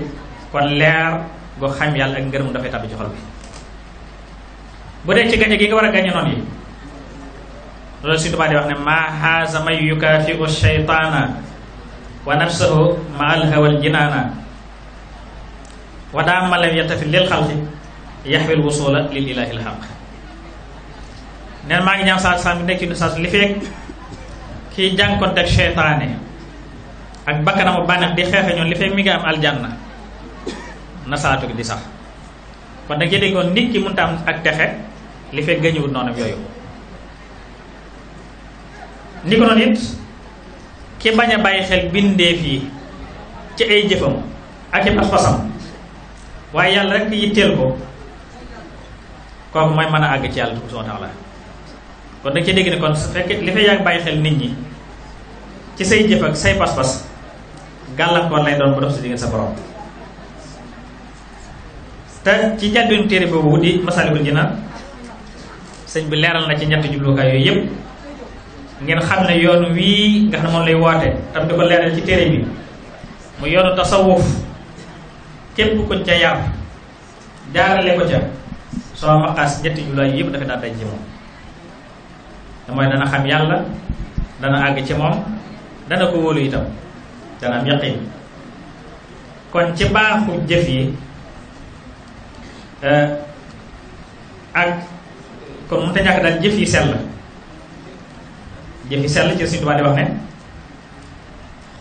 kon leer goo xam yàlla ak ngërëm dafay tàbbi ci bi bu dee ci gañe gi nga war a gañe noon yi loolu suñu tubaab di wax ne maa xaasa may yukaafiu shaytaana wa nafsahu ma alhawal jinaana wa daa ma lam yatafi lil xalqi yaxwil wusula lil ilahi l xaq neen maa ngi ñaan saa saa mi nekk ci nu saa li fekk kiy jànkonte ak seytaane ak bakkanam bànneex di xeexe ñoom li fay mi ngi am aljanna na saatu di sax kon da jëlee ko nit ki mënut am ak texe li fay gëñëwut noonam yooyu ni ko noonu it ki bañ a bàyyi xel bindeef yi ci ay jëfam ak i pas-pasam waaye yàlla rek yitteel ko kooku mooy mën a àgg ci yàlla subhanahu wa ta'ala kon da ci dégg ne kon su fekkee li fay yàgg bàyyi xel nit ñi ci say jëf ak say pas-pas gàllankoor lay doon bu dox si diggante sa borom te ci njàngalum téere boobu di Masaalikul Jinaan sëñ bi leeral na ci ñetti jublukaay yooyu yëpp ngeen xam ne yoon wii nga xam ne moom lay woote tam di ko leeral ci téere bi mu yoonu tasawuf képp kuñ ca yàpp jaarale ko ca soo maqaas ñetti jublukaay yëpp dafa daan daj ci moom te mooy dana ci moom dana ko wóolu itam dana am yaqin kon ci baaxu jëf yi euh, ak kon mënut a ñàkk daal jëf yi sell jëf yi sell ci Sëriñ Tuubaa di wax ne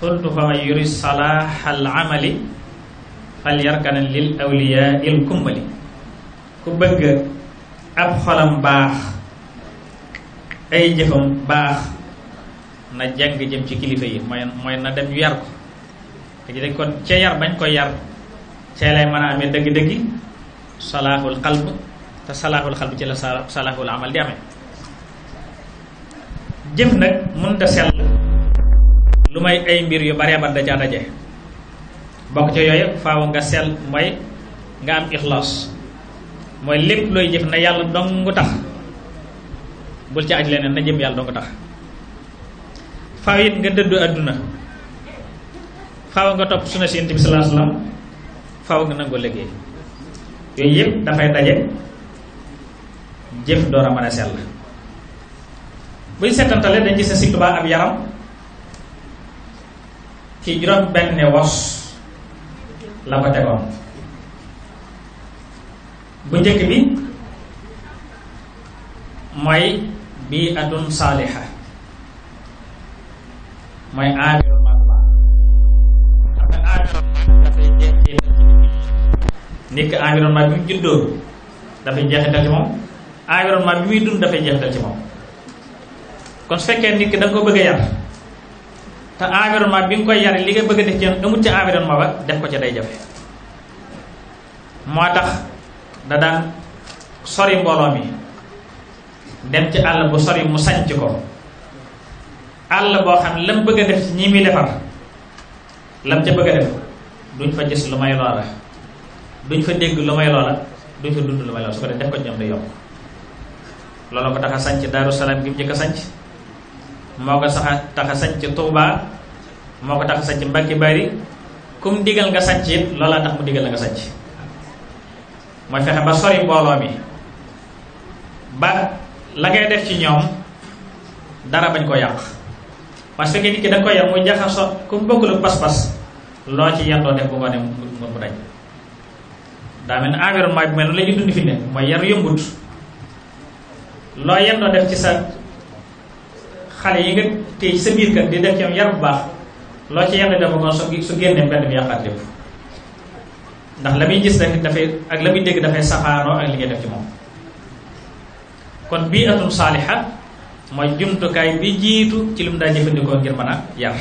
xultu fa man yuri salaaxal amali fal yarkanan lil awliyaa il kumbali ku bëgg ab xolam baax ay jëfam baax na jàng jëm ci kilifa yi mooy na dem yu yar ko léegi dañ ko cee yar bañ ko yar cee lay mën a amee dëgg-dëggi salaaxul xalb te salaaxul xalb ci la salaaxul amal di amee jëf nag mën da sell lu may ay mbir yu baree bar da daje bokk ca yooyu faaw nga sell mooy nga am ixlaas mooy lépp looy jëf na yàlla dong tax bul ci aj leneen na jëm yàlla dong tax faaw nga dëddu àdduna faw nga topp sunna si Yonent bi sallallahu alayhi wasallam faaw nga nangoo liggéey yooyu yëpp dafay daje jëf door a mën sell buñ setantalee dañ gis ne Sëñ Tuubaa ab yaram ci juróom benn wos la ko tegoon bu njëkk bi mooy bii atun saaliha mooy aami environnement dafay jeexital nit ki environnement bi mu juddoo dafay jeexital ci moom environnement bi muy dund dafay jeexital ci moom kon su fekkee nit ki da ko bëgg a yar te environnement bi nga koy yar li nga bëgg a def ci amut ci environnement ba def ko ca lay jafe moo tax da daan sori mbooloo mi dem ci àll bu sori mu sañc ko àll boo xam la mu bëgg a def ci ñi muy defar lam ca bëgg a def duñ fa gis lu may loola duñ fa dégg lu may loola duñ fa dund lu may loola su ko def def ko ñoom day yokk loola ko tax a sanc Daaru Salaam gi mu njëkk a sanc moo ko sax tax a sanc Tuubaa moo ko tax a sanc Mbàkke Bari kum digal nga sanc it loolaa tax mu digal la nga sanc mooy fexe ba sori mbooloo mi ba la ngay def ci ñoom dara bañ koo yàq parce que nit ki da nga koy yar mu jaxasoo ku bokkul pas-pas loo ci yar doo def bu ko ne mu mu daj daa mel ne environnement bi mel noonu la dund fi ne mooy yar yëmbut loo yar doo def ci sa xale yi nga téye sa biir kër di def ci yar bu baax loo ci yar di def kon su génnee benn bi yàqaat lépp ndax la muy gis rek dafay ak la muy dégg dafay safaanoo ak li ngay def ci moom kon bii atum saaliha mooy jumtukaay bi jiitu ci li mu daa jëfandikoo ngir mën a yar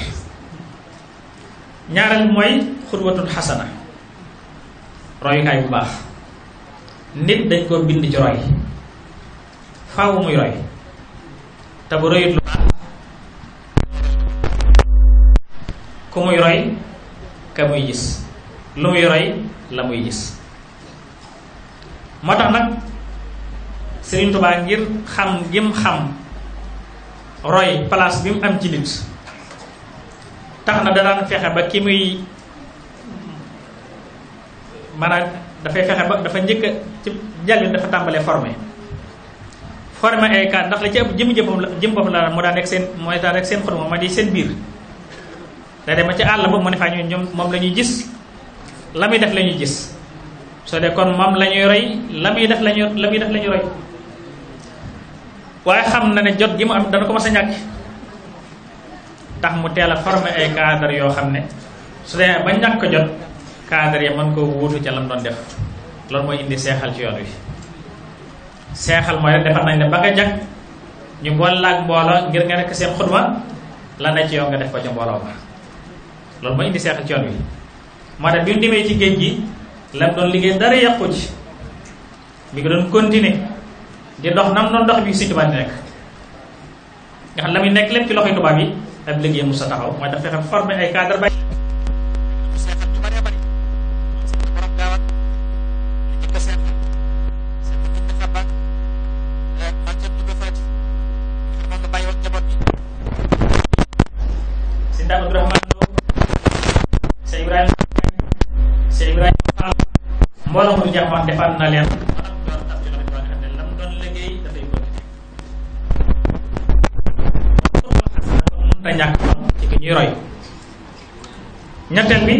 ñaareel mooy xurwatun xasana royukaay bu baax nit dañ koo bind ci roy faaw muy roy te bu royut lu baax ku muy roy ka muy gis lu muy roy la muy gis moo tax nag Sëriñ Tuubaa ngir xam gim xam roy place bi mu am ci nit tax na danaan fexe ba ki muy maanaam dafay fexe ba dafa njëkk ci njëlbeen dafa tàmbalee formé formé ay kaan ndax la ci ëpp jëmu jëppam la jëmpam la mu daan nekk seen mooy daan nekk seen xol moom ma di seen biir da dem ci àll ba mu ne faa ñu ñoom moom la ñuy gis la muy def lañuy gis soo dee kon moom la ñuy roy la muy def la ñuy la muy def roy waaye xam na ne jot gi mu am dana ko mas a ñàkk tax mu teel a formé ay cadre yoo xam ne su dee ba ñàkk jot cadre yi mën koo wuutu ca lam doon def loolu moo indi seexal ci yoon wi seexal mooy rek ba nga ñu boole ak mbooloo ngir nga nekk seen ma loolu mooy indi seexal ci yoon wi moo tax bi mu demee ci géej gi lam doon liggéey dara yàqu ci mi ngi doon continuer di dox nam doon dox bi si tubaab nekk nga xam la muy nekk lépp ci loxoy tubaab yi ab liggéey mu sa taxaw mooy dafa fexe former ay cadre bay mbooloo mu jàppoon defal na leen roy ñetteel bi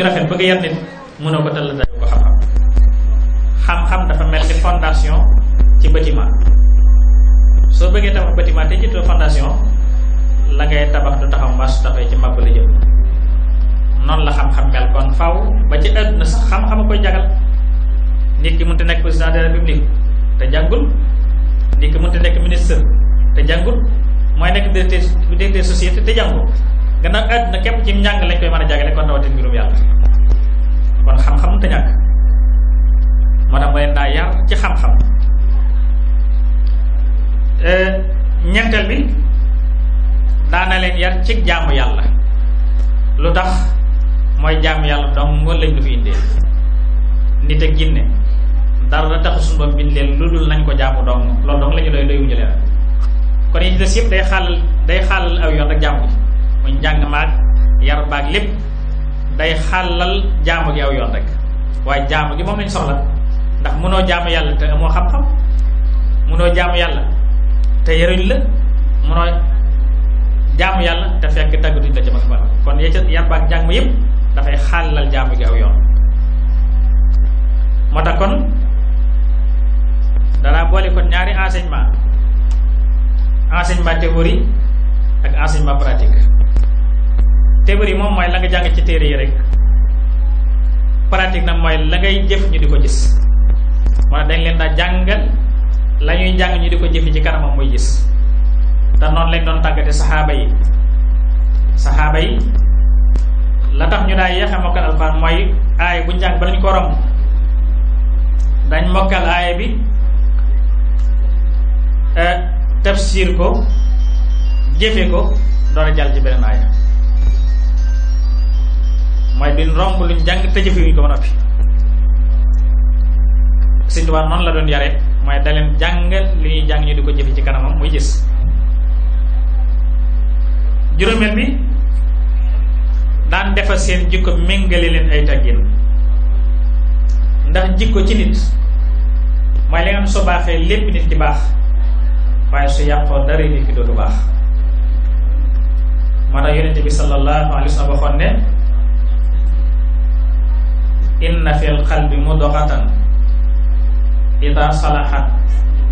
ju rafet bëgg a yar nit mënoo ko talla dayu ko xam-xam xam-xam dafa mel ni fondation ci bâtiment soo bëggee tabax bâtiment te jëtoo fondation la ngay tabax du taxaw mbaa su ci màbb la jëm noonu la xam-xam mel kon faw ba ci àdduna sax xam a koy jagal nit ki mënta nekk président de te jàngul nit ki mënta nekk mu te jàngul mooy nekk directeur directeur société te jàngul gannaaw àdduna képp ci njàng lañ koy mën a jagale kon rawatina mbirum yàlla kon xam-xam te ñàkk moo tax ma leen daa yar ci xam-xam euh, ñeenteel bi daana leen yar ci jaamu yàlla lu tax mooy jaamu yàlla dong nga lañ du fi indee nit ak jinne dara taxu suñu borom bind leen lu dul nañ ko jaamu doom loolu dong la ñu doy doy wuñu kon yi day xàll day xàll aw yoon rek jaamu ji muy njàng yar baag lépp day xàllal jaamu gi aw yoon rek waaye jaamu gi moom lañ soxla ndax mënoo jaamu yàlla te amoo xam-xam mënoo jaamu yàlla te yaruñ la mënoo jaamu yàlla te fekk tàggatuñ la ca mas kon ya ca yëpp dafay xàllal jaamu gi aw yoon moo tax kon danaa boole kon ñaari enseignement enseignement théorie ak enseignement pratique théorie moom mooy la jàng ci téere yi rek pratique nag mooy la ngay jëf ñu di ko gis mooy dañ leen daa jàngal la ñuy jàng ñu di ko jëfi ci kanamam muy gis te noonu lañ doon tàggate saxaaba yi saxaaba yi la tax ñu daa yeexe mokkal alxuraan mooy aay bu njàng ba lañu ko romb dañ mokkal aay bi eh, tafsir ko jëfe ko door a jàll ci beneen aaya mooy duñ romb luñ jàng tëjëfiwuñ ko ba noppi Sëñ Tuubaa noonu la doon yare mooy da leen li ñuy jàng ñu di ko jëfe ci kanamam muy gis juróomeel bi daan defar seen jikko méngale leen ay tàggin ndax jikko ci nit mooy li nga baaxee lépp nit di baax waaye su yàqoo dara nit ki dootu baax moo tax yonente bi sallallahu alayhi wa sallam waxoon inna fil qalbi mudghatan ida salahat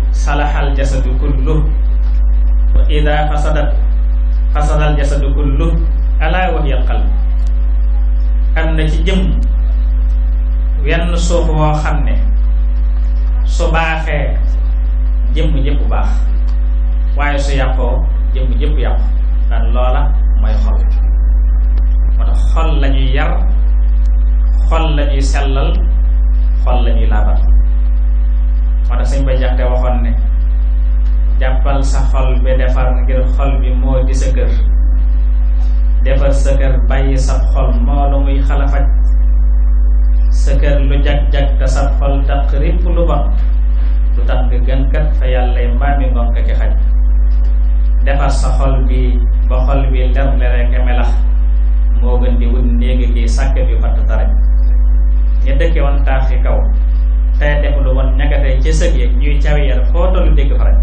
salahal jasadu kulluh wa ida fasadat fasadal jasadu kulluh ala wa hiya al na ci jëm wenn suuf woo xam ne su baaxee jëmm jëpp baax waaye su yàqoo jëmm jëpp yàqu ndax loola mooy xol moo tax lañuy yar xol la ñuy sellal xol la laabal moo tax suñ bay jaxte waxoon ne jàppal sa xol bi defar ngir xol bi moo di sa kër defar sa kër bàyyi sab xol moo lu muy xalafaj sa kër lu jag-jag sab xol taq ripp lu bon lu tax nga gën kat fa yàllay mbaami ngon ka ki xaj defar sa xol bi ba xol bi ler lereke melax moo gën di wut néegi kii sàkk bi fatt taraj ña dëkke woon taax yi kaw tey def lu woon ña nga tey ñuy cawe yar foo tollu dégg faraj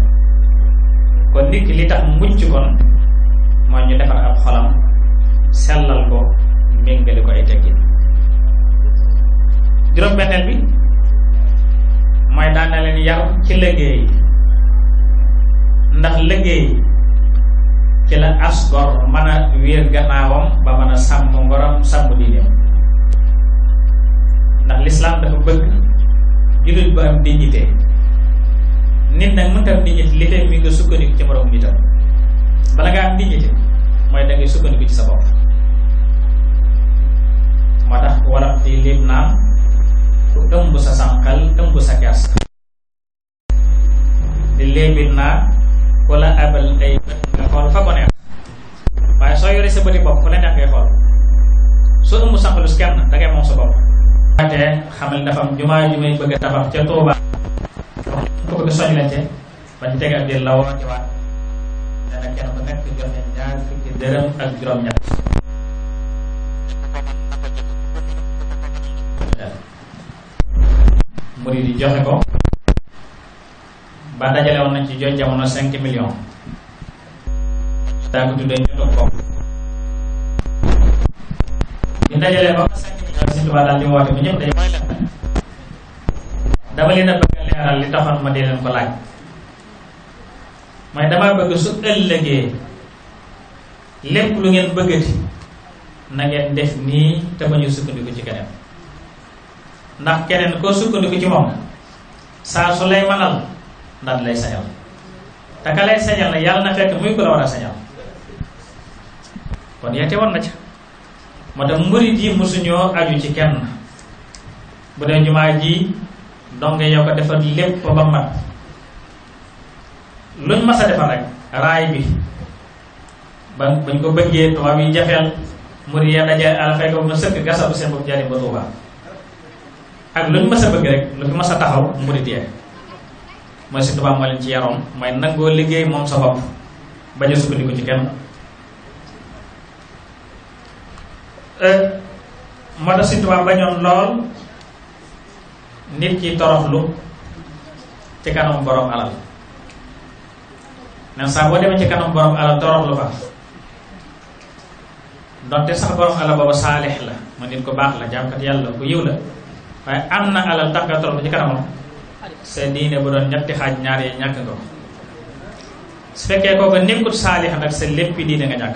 kon nit ki li tax mucc kon mooy ñu defar ab xolam sellal ko méngale ko ay teggin juróom-benneel bi mooy daan na leen yar ci liggéey ndax liggéey ci la asgor mën a wéer gannaawam ba mën a sàmm ngorom sàmm diineem ndax lislaam dafa bëgg jullit bu am dignité nit nag mënta am dignité li tey mi nga sukkandiku ci moroom nitam bala nga am dignité mooy da ngay sukkandiku ci sa bopp moo tax wala di léeb naan ku ëmb sa sànqal ëmb sa kers di léebit naa ku la abal ay bët nga xool fa ko neex waaye soo yoree sa bëti bopp fu la neex ngay xool soo ëmb sànqalus kenn da ngay moom sa bopp te xamal dafa a tabax ca Touba ko bëgg soñlante bañ teg ab jël joxe ko ba dajale nañ ci joj jamono cinq millions daa ko tuddee ñu ko bi dajale ba Sëñ daal di woote ba ñëpp day mooy lan dama leen a bëgg a leeral li taxoon ma dee leen ko laaj mooy damaa bëgg su ëllëgee lépp lu ngeen bëggati na ngeen def nii te ba ñu sukkandiku ci keneen ndax keneen koo sukkandiku ci moom saa su lay manal ndax lay sañal te ka lay sañal na yàlla na fekk muy ko la war a sañal kon yeete war na ca moo tax murid yi mosuñoo aju ci kenn bu dee jumaa ji donge yow ko defar lépp ba mat luñ mas a defar rek raay bi ba bañ ko bëggee tubaab yi jafeel murid ya dajale àll fekk ba sëkk gasabu seen bopp jariñ ba Tuubaa ak luñ mas a bëgg rek lu fi mas a taxaw murid ya mooy si tubaab moo leen ci yaroon mooy nangoo liggéey moom sa bopp bañ a sukkandiku ci kenn Euh, moo tax Sëñ Tuubaa bañoon lool nit ki toroxlu ci kanam borom alal nen saa boo demee ci kanam borom alal toroxlu fa donte sax borom alal booba saalix la mu nit ko baax la jàmkat yàlla ku yiw la waaye am na alal tax nga toroxlu ci kanamam sa diine bu doon ñetti xaaj ñaar yi ñàkk nga ko su fekkee kooku nekkut saalix nag sa léppi diine nga ñàkk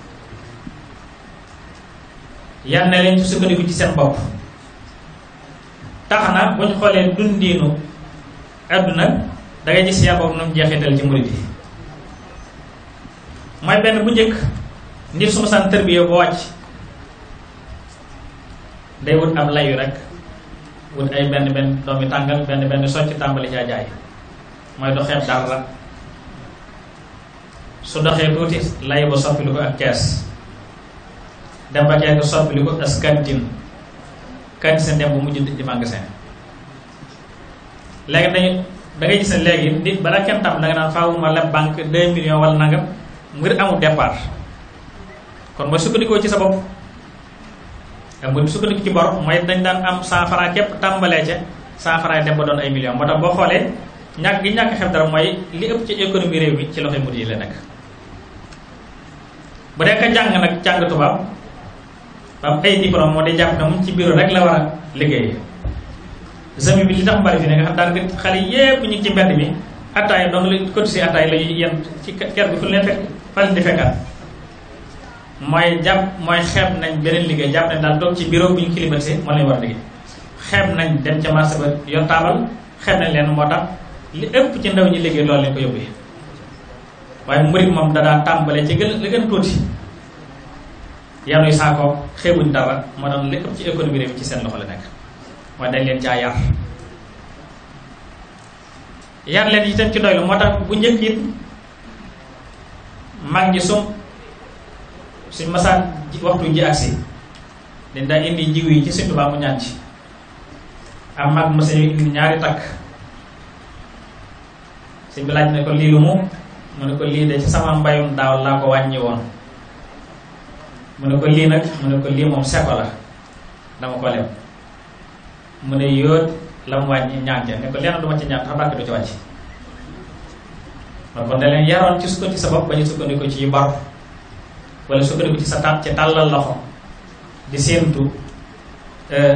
yal na leen ci sukkandiku ci seen bopp tax na bu xoolee dundiinu àdduna dangay gis yaa boobu noonu jeexital ci murid yi bu njëkk nit su ma saan tërbiyee wàcc day wut am layu rek wut ay benn benn doomi tàngal benn benn socc tàmbali caa jaay mooy doxeeb dara su doxee tuuti lay ba soppi lu ko ak kees dem ba kee ko soppi li ko as kantin kantin dem bu mujj di magasin léegi dañu da gis ne léegi nit bala kenn tam da nga naan faaw ma leb banque 2 millions wala nangam ngir amul départ kon mooy sukkandikoo ci sa bopp amul sukkandiku ci bor mooy dañ daan am 100 képp tàmbalee ca 100 francs dem ba doon ay millions moo tax boo xoolee ñàkk gi ñàkk xel dara mooy li ëpp ci économie réew mi ci loxoy mu yi la nekk bu dee jàng nag jàng tubaab. ba am ay diplôme moo day jàpp na moom ci bureau rek la war a liggéey jami bi li tax bari fi ne nga xam daal nga xale yépp ñu ci mbedd mi attaay donc li cotisé attaay la ñuy yem ci ker bi fu leen fekk fal di fekkaat mooy jàpp mooy xeeb nañ beneen liggéey jàpp nañ daal toog ci bureau bu ñu climatisé moo lañu war a liggéey xeeb nañ dem ca marché ba yor taabal xeeb nañ leen moo tax li ëpp ci ndaw ñi liggéey loolu lañ ko yóbbee waaye murit moom danaa tàmbale ci gën li gën tuuti yanuy saako xeebuñ dara moo tax lépp ci économie réew mi ci seen loxo la nekk waaye dañ leen caa yar yar leen itam ci doylu moo tax bu njëkk it mag ñi sum suñ masaan waxtu ji agsi dañ daa indi jiw yi ci Sëñ Tuubaa mu ñaan ci am mag mos a indi ñaari takk sëñ bi laaj ne ko lii lu mu mu ne ko lii de ci sama mbayum daaw laa ko wàññi woon mu ne ko lii nag mu ne ko lii moom seko la dama ko lem mu ne yóot la mu wàññi ñaan ja ne ko lenn du ci ñaan xam barke du ci wàcc man kon da leen yaroon ci sukkandiku sa bopp ba ñu sukkandiku ci mbar wala sukkandiku ci sa tànn ci tàllal loxo di séentu e,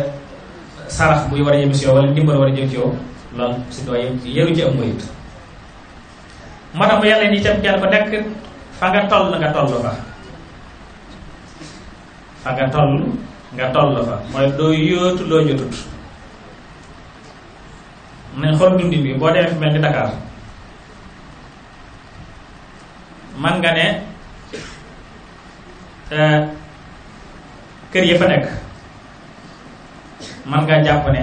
sarax buy war a jëm si yow wala ndimbal war a jëm ci yow loolu si doo yëru ci am moyit moo tax mu yàlla ni itam kenn ku nekk fa nga toll nga toll fa fa nga toll nga toll fa mooy doo yóotu loo jotut nañ xool dundin bi boo demee fi ni Dakar man nga ne kër yi fa nekk man nga jàpp ne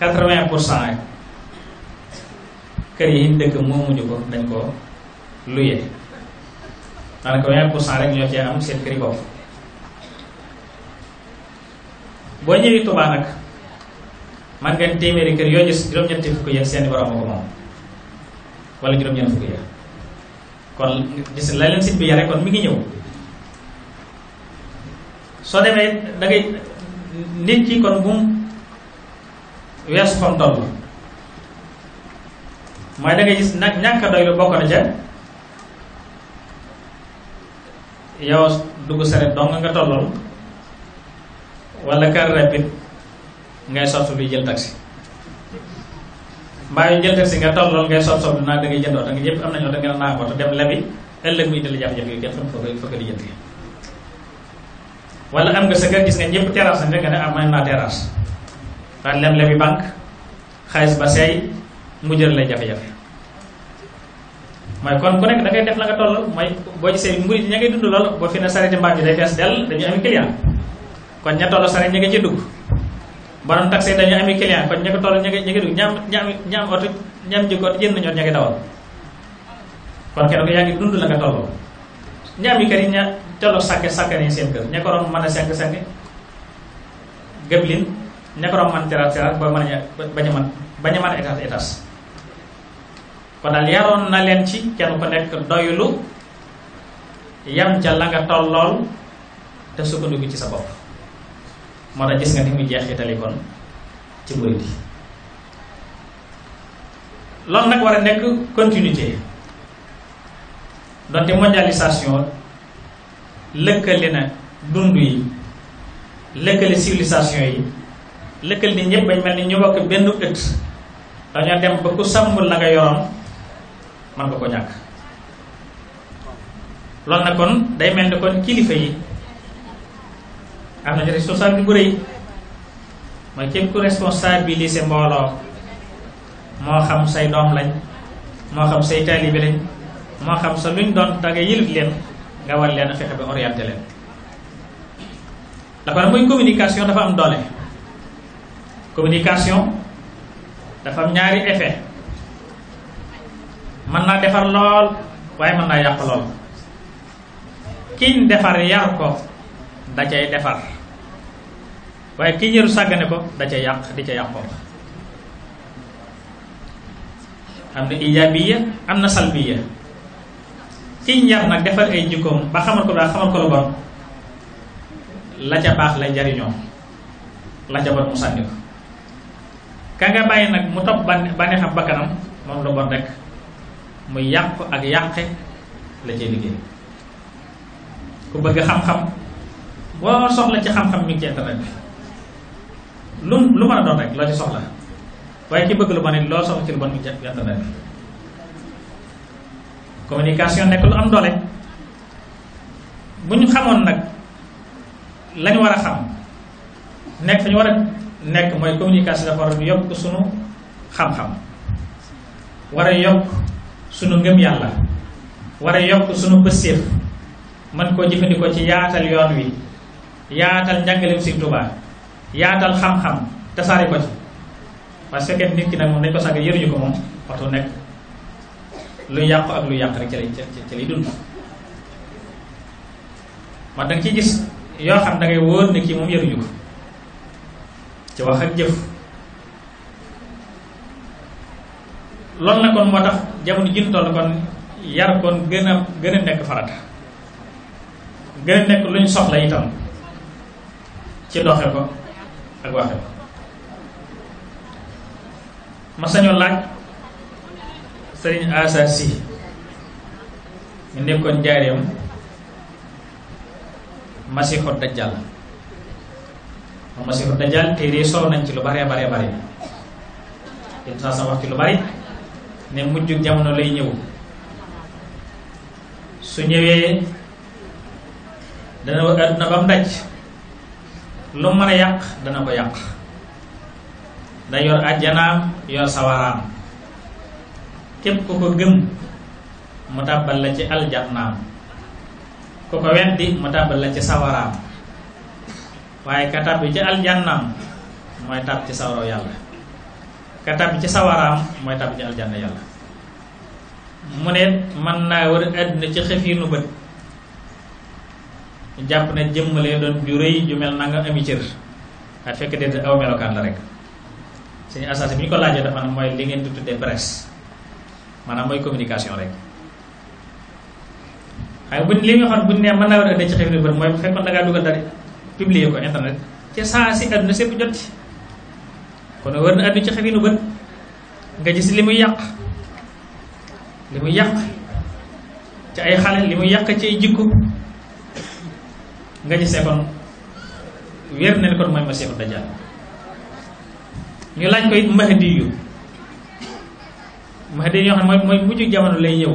quatre-vingt pour cent kër yi ñu dëkk moomuñu ko dañ ko luye daanaka vingt pour cent rek ñoo cee am seen prix bopp boo ñëwee Touba nag man nga téeméeri kër yoo gis juróom-ñetti fukk ya seeni borom moom wala juróom-ñeent fukk ya kon gis la leen sit bi yare kon mi ngi ñëw soo demee da ngay nit ki kon bu mu weesu fam toll mooy da ngay gis nag ñàkk doylu bokk ca yow dugg saret dong nga tollool wala car rapide ngay sob sob yi jël taxi mbaa yu jël taxi nga tollool ngay sob sob naa da ngay jënd oto nga am nañu oto nga dem lebi ëllëg muy dal gis nga ñëpp terrasse nañ nga ne ah, naa terrasse waaye lem lebi banque xaalis ba seey mu jël lay jafe-jafe mooy kon ku nekk da def la nga toll mooy boo gisee murid ña ngay dund lool boo fi ne sareeti mbaam yi day fees dell dañuy ami client kon ña toll sareet ña nga ciy dugg borom taxi dañuy ami client kon ña ña nga ña nga dugg ñaam ñaam ñaam oto ñaam jikkoot jënd ñoon ña ngi dawal kon kenn ko yaa ngi dund la nga toll ñaam yi kër yi ña toll sàkke sàkke nañu seen kër ña ko doon mën a sànq sànq gëblin ña ko doon a tiraat tiraat ba mën a bañ a mën bañ a mën étage étage kon daal yaroon na leen ci kenn ku nekk doylu yam ca la nga tollool te sukkandiku ci sa bopp moo tax gis nga ni mu jeexitali kon ci murid yi loolu nag war a nekk continuité donte mondialisation lëkkali na dund yi lëkkali civilisation yi lëkkali ni ñëpp bañ mel ni ñu bokk benn ëtt dañoo dem ba ku sàmmul la nga yoroon mën nga ko ñàkk loolu nag kon day mel ni kon kilifa yi am na ci responsabilité bu rëy mooy képp ku responsabilisé mbooloo moo xam say doom lañ moo xam say taalibe lañ moo xam sa luñ doon danga yëlif leen nga war leen a fexe ba orienté leen da ko nag muy communication dafa am doole communication dafa am ñaari effet mën naa defar lool waaye mën naa yàq lool kiñ defar yar ko da cay defar waaye kiñ yaru sàggane ko da cay yàq di ca yàqoo am na ijaabiya am na salbiya kiñ yar nag defar ay jikkoom ba xamal ko daal xamal ko lu bon la ca baax lay jariñoo la ca bon mu sànni ko ka nag mu topp bànneexam bakkanam moom lu bon rek mu yàq ak yàqe la cay liggéey ku bëgg xam-xam boo soxla ci xam-xam mi ngi ci internet bi lu lu mën a doon rek loo ci soxla waaye ki bëgg lu bon loo soxla ci lu bon mi ci internet bi communication nekk lu am doole bu ñu xamoon nag lañu war a xam nekk fa ñu war a nekk mooy communication dafa war a yokk sunu xam-xam war a yokk sunu ngëm yàlla war a yokk sunu pëstéef man koo jëfandikoo ci yaatal yoon wi yaatal njàngaleem Sëriñ Tuubaa yaatal xam-xam tasaare ko ci waaye su fekkee nit ki nag moom dañ ko sàgg yëruñu ko moom waxtu nekk lu yàqu ak lu yàq rek ci lay ci lay dund man danga ciy gis yoo xam da ngay wóor ne kii moom yëruñu ko ci wax ak jëf loolu na kon moo tax jamono ji ñu kon yar kon gën a gën a nekk farata gën a nekk lu ñu soxla itam ci doxe ko ak waxe ko ma sañoo laaj sëriñ Asa Si ñu nekkoon jaareem Masiixu Dajjal moom Masiixu Dajjal téere solo nañ ci lu bare bare bare yéen saa sama wax ci lu bari ne mujj jamono lay ñëw su ñëwee dana adduna ba mu daj lu mën yàq dana ko yàq day yor àjjanaam yor sawaraam képp ku ko gëm mu tàbbal la ci aljannaam ku ko weddi mu tàbbal la ci sawaraam waaye ka tàbbi ci aljannaam mooy tàbb ci sawaraw yàlla ka tàbbi ci sawaraam mooy tàbbi ci aljanna yàlla mu ne mën naa war àddina ci xëfiinu bët jàpp ne jëmmalee doon ju rëy ju na nga ami cër waaye fekk déedéet aw melokaan la rek suñu assasin bi ñu ko laajee dafa ne mooy li ngeen di tuddee presse maanaam mooy communication rek waaye buñ li nga xam buñ ne mën naa war àddina ci xëfiinu bët mooy bu fekkoon da dara publier ko internet ci saa si àddina sépp jot kon war na àddu ci xef yi nu bën nga gis li muy yàq li muy yàq ci ay xale li muy yàq ci ay jikko nga gisee kon wér na ne kon mooy masiixu dajjal ñu laaj ko it mahdi yu mahdi yoo xam mooy mujj jamono lay ñëw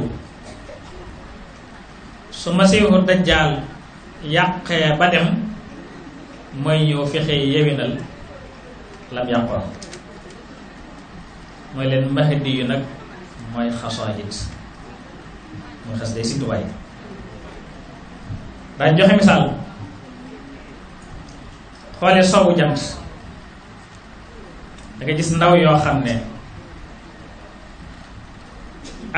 su masiixu dajjal yàqee ba dem mooy ñëw fexe yewinal lam yàqoon mooy leen mahdi yu nag mooy xasaayit mooy xas day sintuwaay daañ joxe misaal xoolee soowu jant da gis ndaw yoo xam ne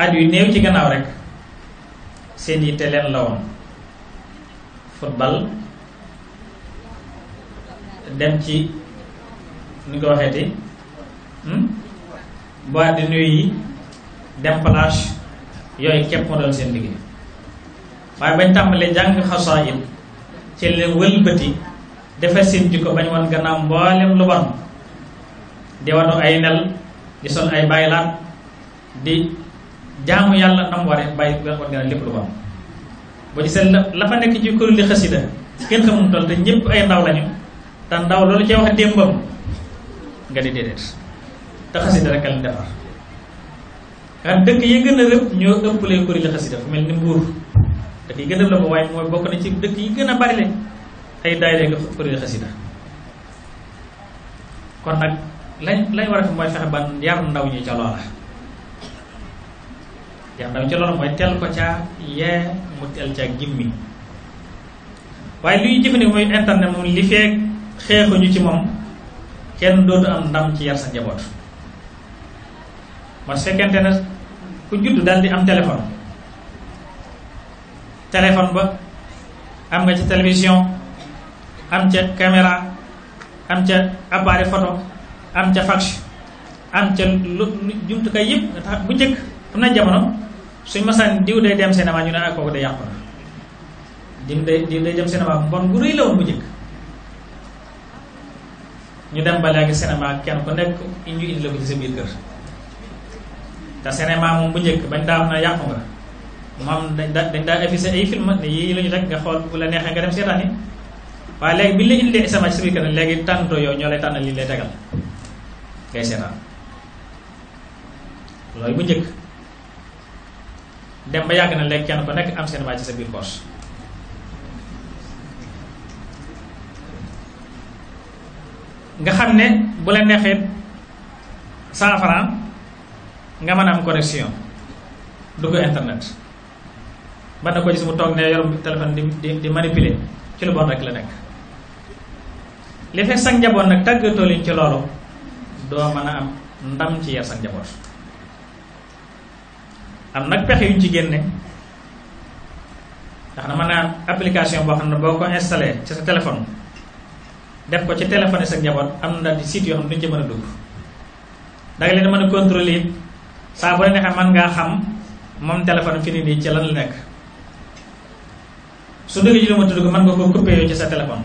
at yu néew ci gannaaw rek seen yitte leen la woon football dem ci ñu ko waxeeti hmm? boîte de nuit yi dem plage yooyu képp moo doon seen liggéey waaye bañ tàmbalee jàng xasaayid ci leen wëlbati defar seen jikko bañ wan gannaaw mboolem lu bon di wanu ay nel di sol ay baylaat di jaamu yàlla nam waree bàyyi wan gannaaw lépp lu bon ba ci seen la fa nekk ci kuréel li xasida kenn xamul toll te ñëpp ay ndaw lañu te ndaw loolu ci wax démbam nga ne déedéet te xasida rek al defar ak dëkk yi gën a rëb ñoo ëppalee kuréel yi xasida fu mel ni mbuur dëkk yi gën a rëb waaye mooy bokk na ci dëkk yi gën a bari le ay daay lee nga kuréel yi xasida kon nag lañ lañ war a def mooy fexe ban yar ndaw ñi ca loola yar ndaw ñi ca loola mooy teel ko caa yee mu teel caa gimmi waaye luy jëfandikoo mooy internet moom li feeg xeexuñu ci moom kenn dootu am ndam ci yar sa njaboot man fekkente ne ku judd daal di am téléphone téléphone ba am nga ci télévision am ca caméra am ca appareil photo am ca fax am ca lu jumtukaay yëpp nga tax bu njëkk am na jamono suñ masaan diw day dem cinéma ñu ne ak ah, kooku day yàqu na diw day dem cinéma mbon gu rëy la bu njëkk ñu dem ba léegi cinéma kenn ku nekk ñu indi ko ci sa biir kër te cinéma moom bu njëkk bañ daa wax na yàqu nga moom dañ daa dañ daa affiché ay film ne yii la ñu rek nga xool bu la neexee nga dem seetaan yi waaye léegi bi ñu la indilee sama biir kër léegi tànnatoo yow ñoo lay tànnal li lay tegal ngay seetaan loolu bu njëkk dem ba yàgg na léegi kenn ku nekk am cinéma ci sa biir poche. nga xam ne bu la neexee cent nga mën a am connexion dugg internet mën na ko gis mu toog ne yor téléphone di di di manipuler ci lu bon rek la nekk li fekk sa njaboot nag tàggatoo leen ci loolu doo mën a am ndam ci yar sa njaboot am nag pexe yuñ ci génne ndax na mën naa am application boo xam ne boo ko installé ca sa téléphone def ko ci téléphone sa njaboot am na daal di site yoo xam duñu ci mën a dugg da nga leen mën a contrôler it saa boo neexee ngaa xam moom téléphone fi ni nii ci lan la nekk su dëgg ji lu ma tudd mën nga koo coupé ci sa téléphone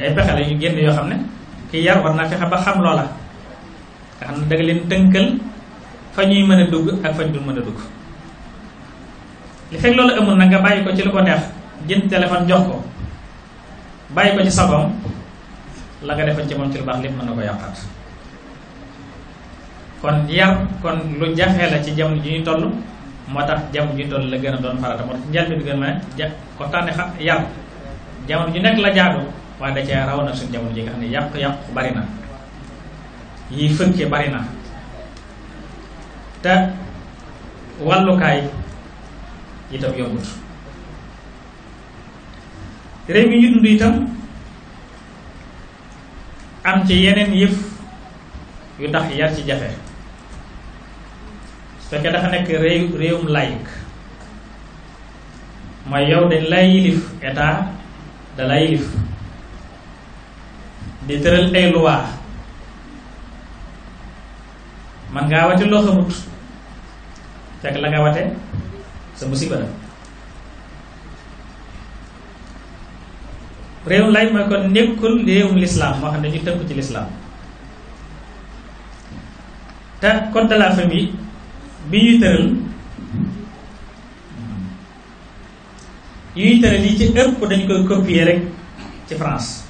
ay pexe la yoo xam ne ki yar war naa nga xam ne da nga leen tënkal fa ñuy mën a dugg ak fa ñu dul mën a dugg li fekk loolu amul nag nga bàyyi ko ci lu ko neex jënd téléphone jox ko bàyyi ko ci sagoom la nga defoon ci moom ci lu baax lépp mën na ko yàqaat kon yar kon lu jafe la ci jamono ji ñu toll moo tax jamono ji ñu toll doon farata moo tax la jaadu waaye da cee raw nag suñu jamono ji nga xam ne yàqu-yàqu bari na yi fëkke bari na te wàllukaay itam yombut réew mi ñu dund itam am ci yeneen yëf yu tax yar ci jafe su fekkee dafa nekk réew réewum laïc mooy yow dañ lay yilif état da lay di tëral ay man ngaa wate loo xamut fekk la nga wate sa musiba réewum lay mooy kon nekkul réewum lislaam moo xam ne ñu tënk ci lislaam te code de la famille bi ñuy tëral yuy tëral yi ci ëpp dañ koy copier rek ci France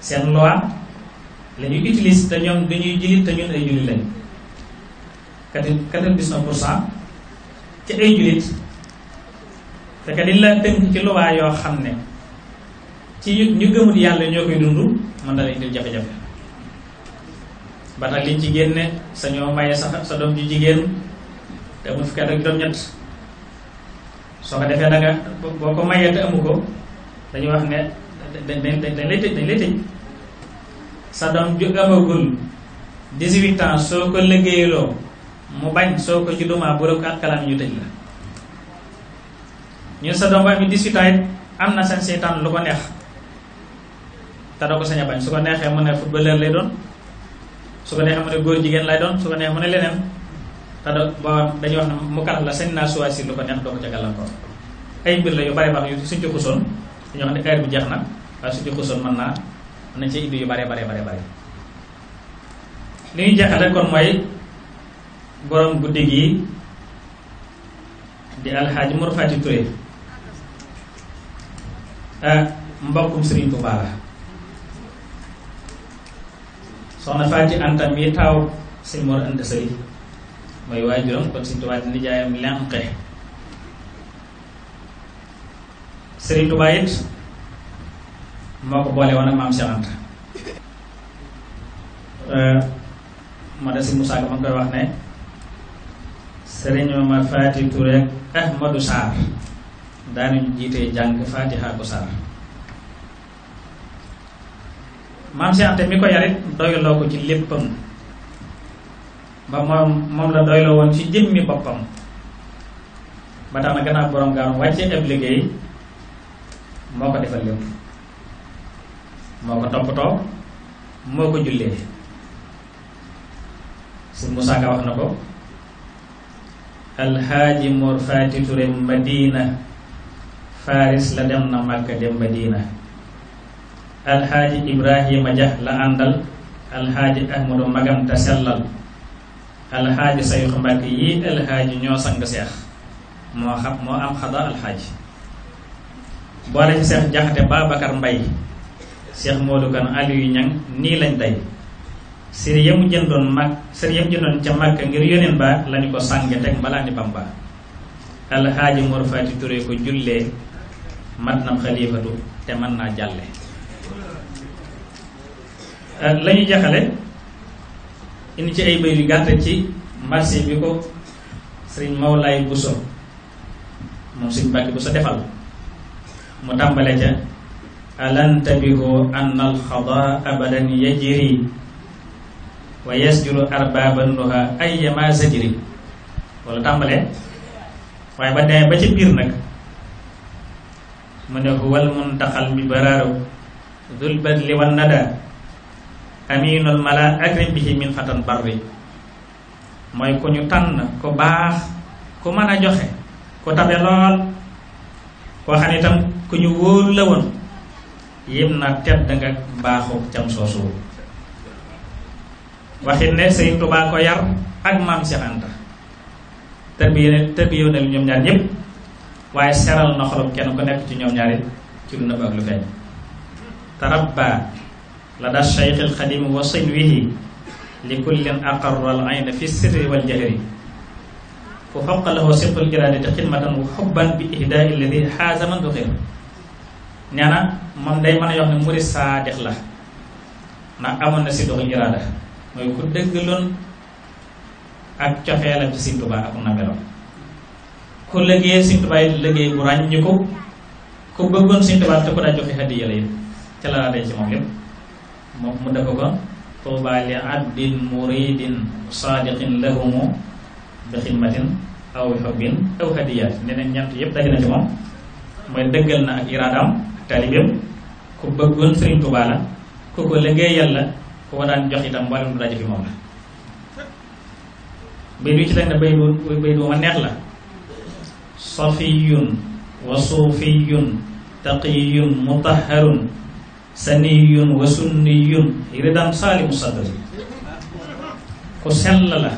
seen loi la ñuy utilise te ñoom dañuy jullit te ñun ay jullit lañ quatre-vingt-dix-neuf pour cent ci ay jullit te kat la ci loi yoo xam ne ci ñu gëmul yàlla ñoo koy dund mën na la indil jafe-jafe ba tax liñ ci génne sa ñoo maye sa doom ju jigéen te amul fukki at ak doom ñett soo ko defee da nga ko mayee te amu ko dañuy wax ne dañ dañ dañ lay tëj doom soo mu bañ soo ko juddumaa bu rëbb ak kalaam ñu tëj la ñun sa doom ba am 18 ans am na sa seytaan lu ko neex te doo ko sañ a bañ su ko neexee mu ne footballeur lay doon su ko neexee mu ne góor jigéen lay doon su ko neexee mu ne leneen te doo ba wax ne mu kàll la sañ naa choisir lu ko neex doo ko ca gàllankoor ay mbir la yu bare baax yu suñ ci xusoon dañoo xam ne heure bi bare bare bare bare li ñuy jeexale kon mooy borom guddi gi di alxaaji Mor Fati Touré ah, mbokkum Serigne Touba la soxna Faati Anta mii taaw sëñ Mor Anta Sali mooy waajuram kon sëñ Tuubaa nijaayam lenqe sëriñ Tuubaa it moo ko boole woon ak maam Cheikh Anta ma da si Moussa Ka koy wax ne sëriñ ma Faati Touré ak Ahmadou Sarr daanuñu jiitee jàng Faatiha ko Sarr maam Cheikh Anta mi ko yarit doyloo ko ci léppam ba moom moom la doyloo woon ci jëmmi boppam ba tax na gannaaw borom gaawam wàcce moo ko defal lépp moo ko toppatoo moo ko jullee su Musaa Ka wax na ko alxaaji Mor Faati Ture Madina Faris la dem na Màkka dem Madina alxaaji ibrahima ja la àndal alxaaji ahmadu magam te sellal alxaaji sayux mbàkk yi alxaaji ñoo sang seex moo xam moo am xada alxaaji boole ci seex jaxate babacar mbay seex moodu kan aliyu ñang nii lañ day sër yamu jëndoon mag sër yamu jëndoon ca màkk ngir yóneen ba lañu ko sànge teg mbalaa ni bamba alxaaji mor fati turé ko jullee mat nam xalifatu te mën naa jàlle Euh, la ñu jaxale indi ci ay bay yu gàtt ci marché bi ko sëriñ Mawlaay Bousso moom sëriñ Mbàkke Bousso defal mu tàmbale ca alan tabiru an alxada abadan yajri wa yasjuru arbabanduha ayyama sajri wala tàmbale waaye ba demee ba ci biir nag mu ne huwal muntaxal bi baraaru dul badli wan nada aminul mala akrim bihi min xatan barri mooy ku ñu tànn ku baax ku mën a joxe ku tabe lool koo xam ne itam ku ñu wóolu la woon yim na tedd nga baaxu cam soosu waxit ne Sëriñ Tuubaa ko yar ak maam Seex Anta tërbiye tërbiyewu ñoom ñaar ñëpp waaye seral na xolum kenn ku nekk ci ñoom ñaari ci lu nëbb ak lu feeñ tarabba lada cheikh alxadim wa silwihi li kullin aqarra al ayn fi sirri wal jahri ku fawqa lahu siqul iradati xidmatan wa xubban bi ihdaai alladi xaaza man duxir nee na moom day mën a yox ne la ndax amoon na si doxul iraada mooy ku dëggaloon ak cofeelam ci Sëriñ Tuubaa ak nameloon ku liggéey Sëriñ Tuubaa yi bu ràññiku ku bëggoon Sëriñ Tuubaa te ku daa joxe hadiya la yëpp ca la day ci moom yëpp moom mu dafa ko tuuba li abdin muridin saadiqin lahumu bi xidmatin aw xubbin aw hadiyaat neneen ñett yépp dagg na ci moom mooy dëggal na ak iraadaam ak taalibeem ku bëggoon Sëriñ Tuubaa ku ko liggéey yàlla ku ko daan jox itam mboolem lu daje fi moom la bay bi ci teg na bay bu bay ma neex la safiyun wa taqiyun mutahharun saniyun wa sunniyun ridan saalimu sadri ku sell la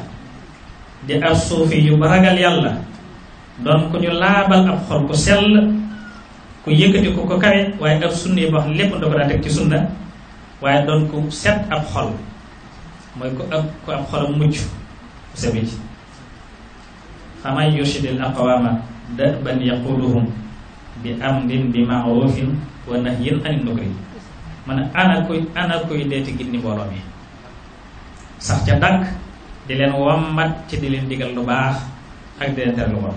di ab suufi yu ba ragal yàlla doon ku ñu laabal ab xol ku sell ku yëkkati ko ko kawe waaye ab sunni ba wax lépp da ko teg ci sunna waaye doon ku set ab xol mooy ku ab ku ab xolam mucc ku sebe ji faman yurshidil aqwaama da'ban yaquluhum bi amrin bi ma'rufin wa nahyin anil munkar ma ne ana kuy ana kuy deeti gindi mbooloo mi sax ca dànk di leen wammat ci di leen digal lu baax ak di leen tere lu bon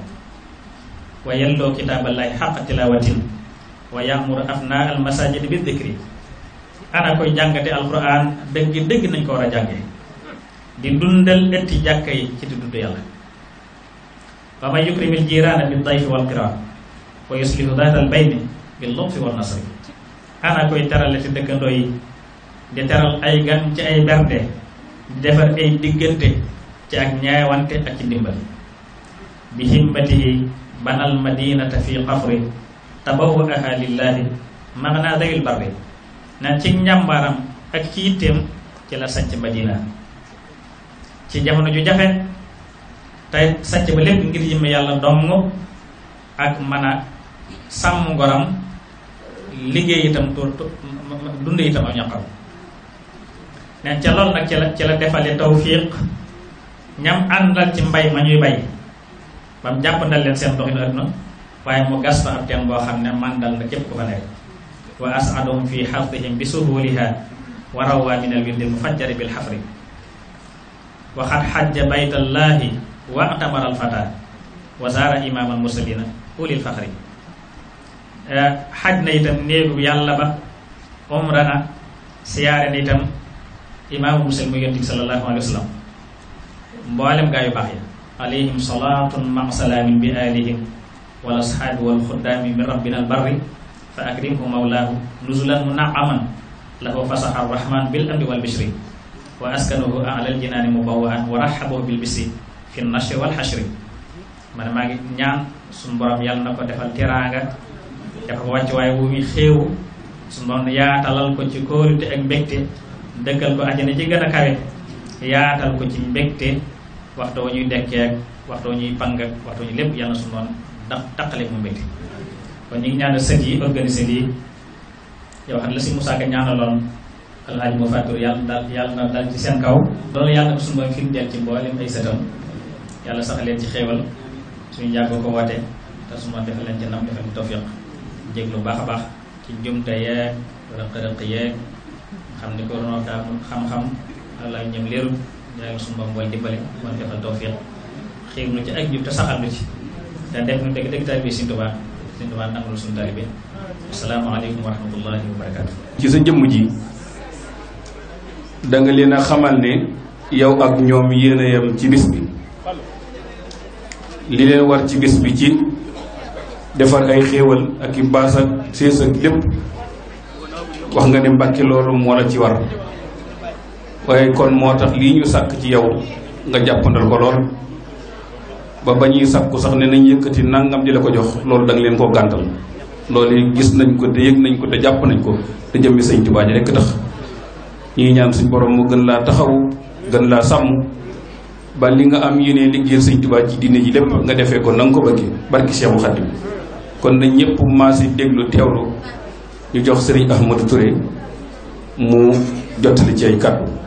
wa yelloo kitaaballahi xaq tilaawatin wa yamuru afna al masajid bi dikri ana koy jàngate alquran dëgg dëgg nañ ko war a jànge di dundal ëtti jàkka yi ci di dudd yàlla fa man yukrimil jiiraana bi dayfi wal kiram wa yuslihu daata al bayni bi lutfi wal nasri ana koy terale ci dëkkandoo yi di teral ay gan ci ay bernde di defar ay diggante ci ak ñaawante ak ci ndimbal bi himmatihi banal madinata fi xafri tabawwa'aha lillahi maanaa dayul barri nan ci njàmbaaram ak ci ci la sanc madina ci jamono ju jafe tey sanc ba lépp ngir yimme yàlla dong ak mën sàmm ngoram liggéey itam tool dund itam am ñaqam neen ca lool nag ci la ci la defale tawfiq ñam àndal ci mbay ma ñuy bay ba jàpp jàppandal leen seen doxinu adduna waaye mu gas fa ab teen boo xam ne màndal na képp ku fa nekk wa asadahum fi xardihim bi suhuliha wa rawwa min alwildil mufajjari bil xafri wa xajja baytallahi wa atamara alfata wa zaara imaamal mursalina ulil faxri xaj eh, na itam néegu yàlla ba umra na siyaare na itam imaamu muslim mu yonent bi sallallahu alayhi wa sallam mboolem gaa yu baax yi alayhim salaatun ma salaamin bi alihim wal asxaabi wal xuddaami min rabbina al barri fa akrimhu mawlaahu nuzulan munaaman lahu fasaxa arrahman bil amri wal bishri wa askanuhu alal jinaani mubawaan wa raxabahu bil bisi fi nashri wal xashri man maa ngi ñaan suñu borom yàlla na ko defal teraanga jox ko wàcc waaye wu muy xéewu su yaatalal ko ci kóolute ak mbégte dëkkal ko àjjana ci gën a kawe yaatal ko ci mbégte waxtu wu ñuy dekkee ak ñuy pang ak waxtu wu lépp yàlla su noonu ndax ñu ngi ñaanal sët yi organisé lii yoo xam ne la si ñaanaloon alaaji moo fàttali yàlla daal yàlla na daal ci seen kaw loolu yàlla ko suñu borom firndeel ci mboolem ay sëtam yàlla sax ci xéewal suñu yàgg ko woote te su ma leen ci nam defal ñu tawfiq jéglu baax a baax ci njumte yeeg rëq-rëq yeeg xam ni ko ronoo daa xam-xam la ñëm léeru yàlla suñu borom booy dimbale moom defal tawfiq xiir nu ci ak njub te saxal nu ci te def dëgg dëgg taalibe Sëriñ Tuubaa Sëriñ Tuubaa nangul suñu taalibe asalaamaaleykum wa rahmatullahi wa barakaatu ci sa jëmm ji da leen a xamal ne yow ak ñoom yéen a ci bis bi li leen war ci bis bi ci defar ay xéewal ak i baas ak sées ak lépp wax nga ne mbàkki loolu moo la ci war waaye kon moo tax lii ñu sàkk ci yow nga jàppandal ko lool ba ba ñuy sàkku sax ne nañ yëkkati nangam di la ko jox loolu da leen koo gàntal loolu gis nañ ko te yëg nañ ko de jàpp nañ ko te jëmmi sëñ Tuubaa ji rekk tax ñuy ñaan suñ borom mu gën laa taxaw gën laa sàmm ba li nga am yéene liggéeyal sëñ Tuubaa ci diine ji lépp nga defee ko na nga ko bëggee barki Seexu Xaadim kon na ñëpp maasi déglu teewlu ñu jox sëriñ Ahmadou Touré mu jottali ci ay kàddu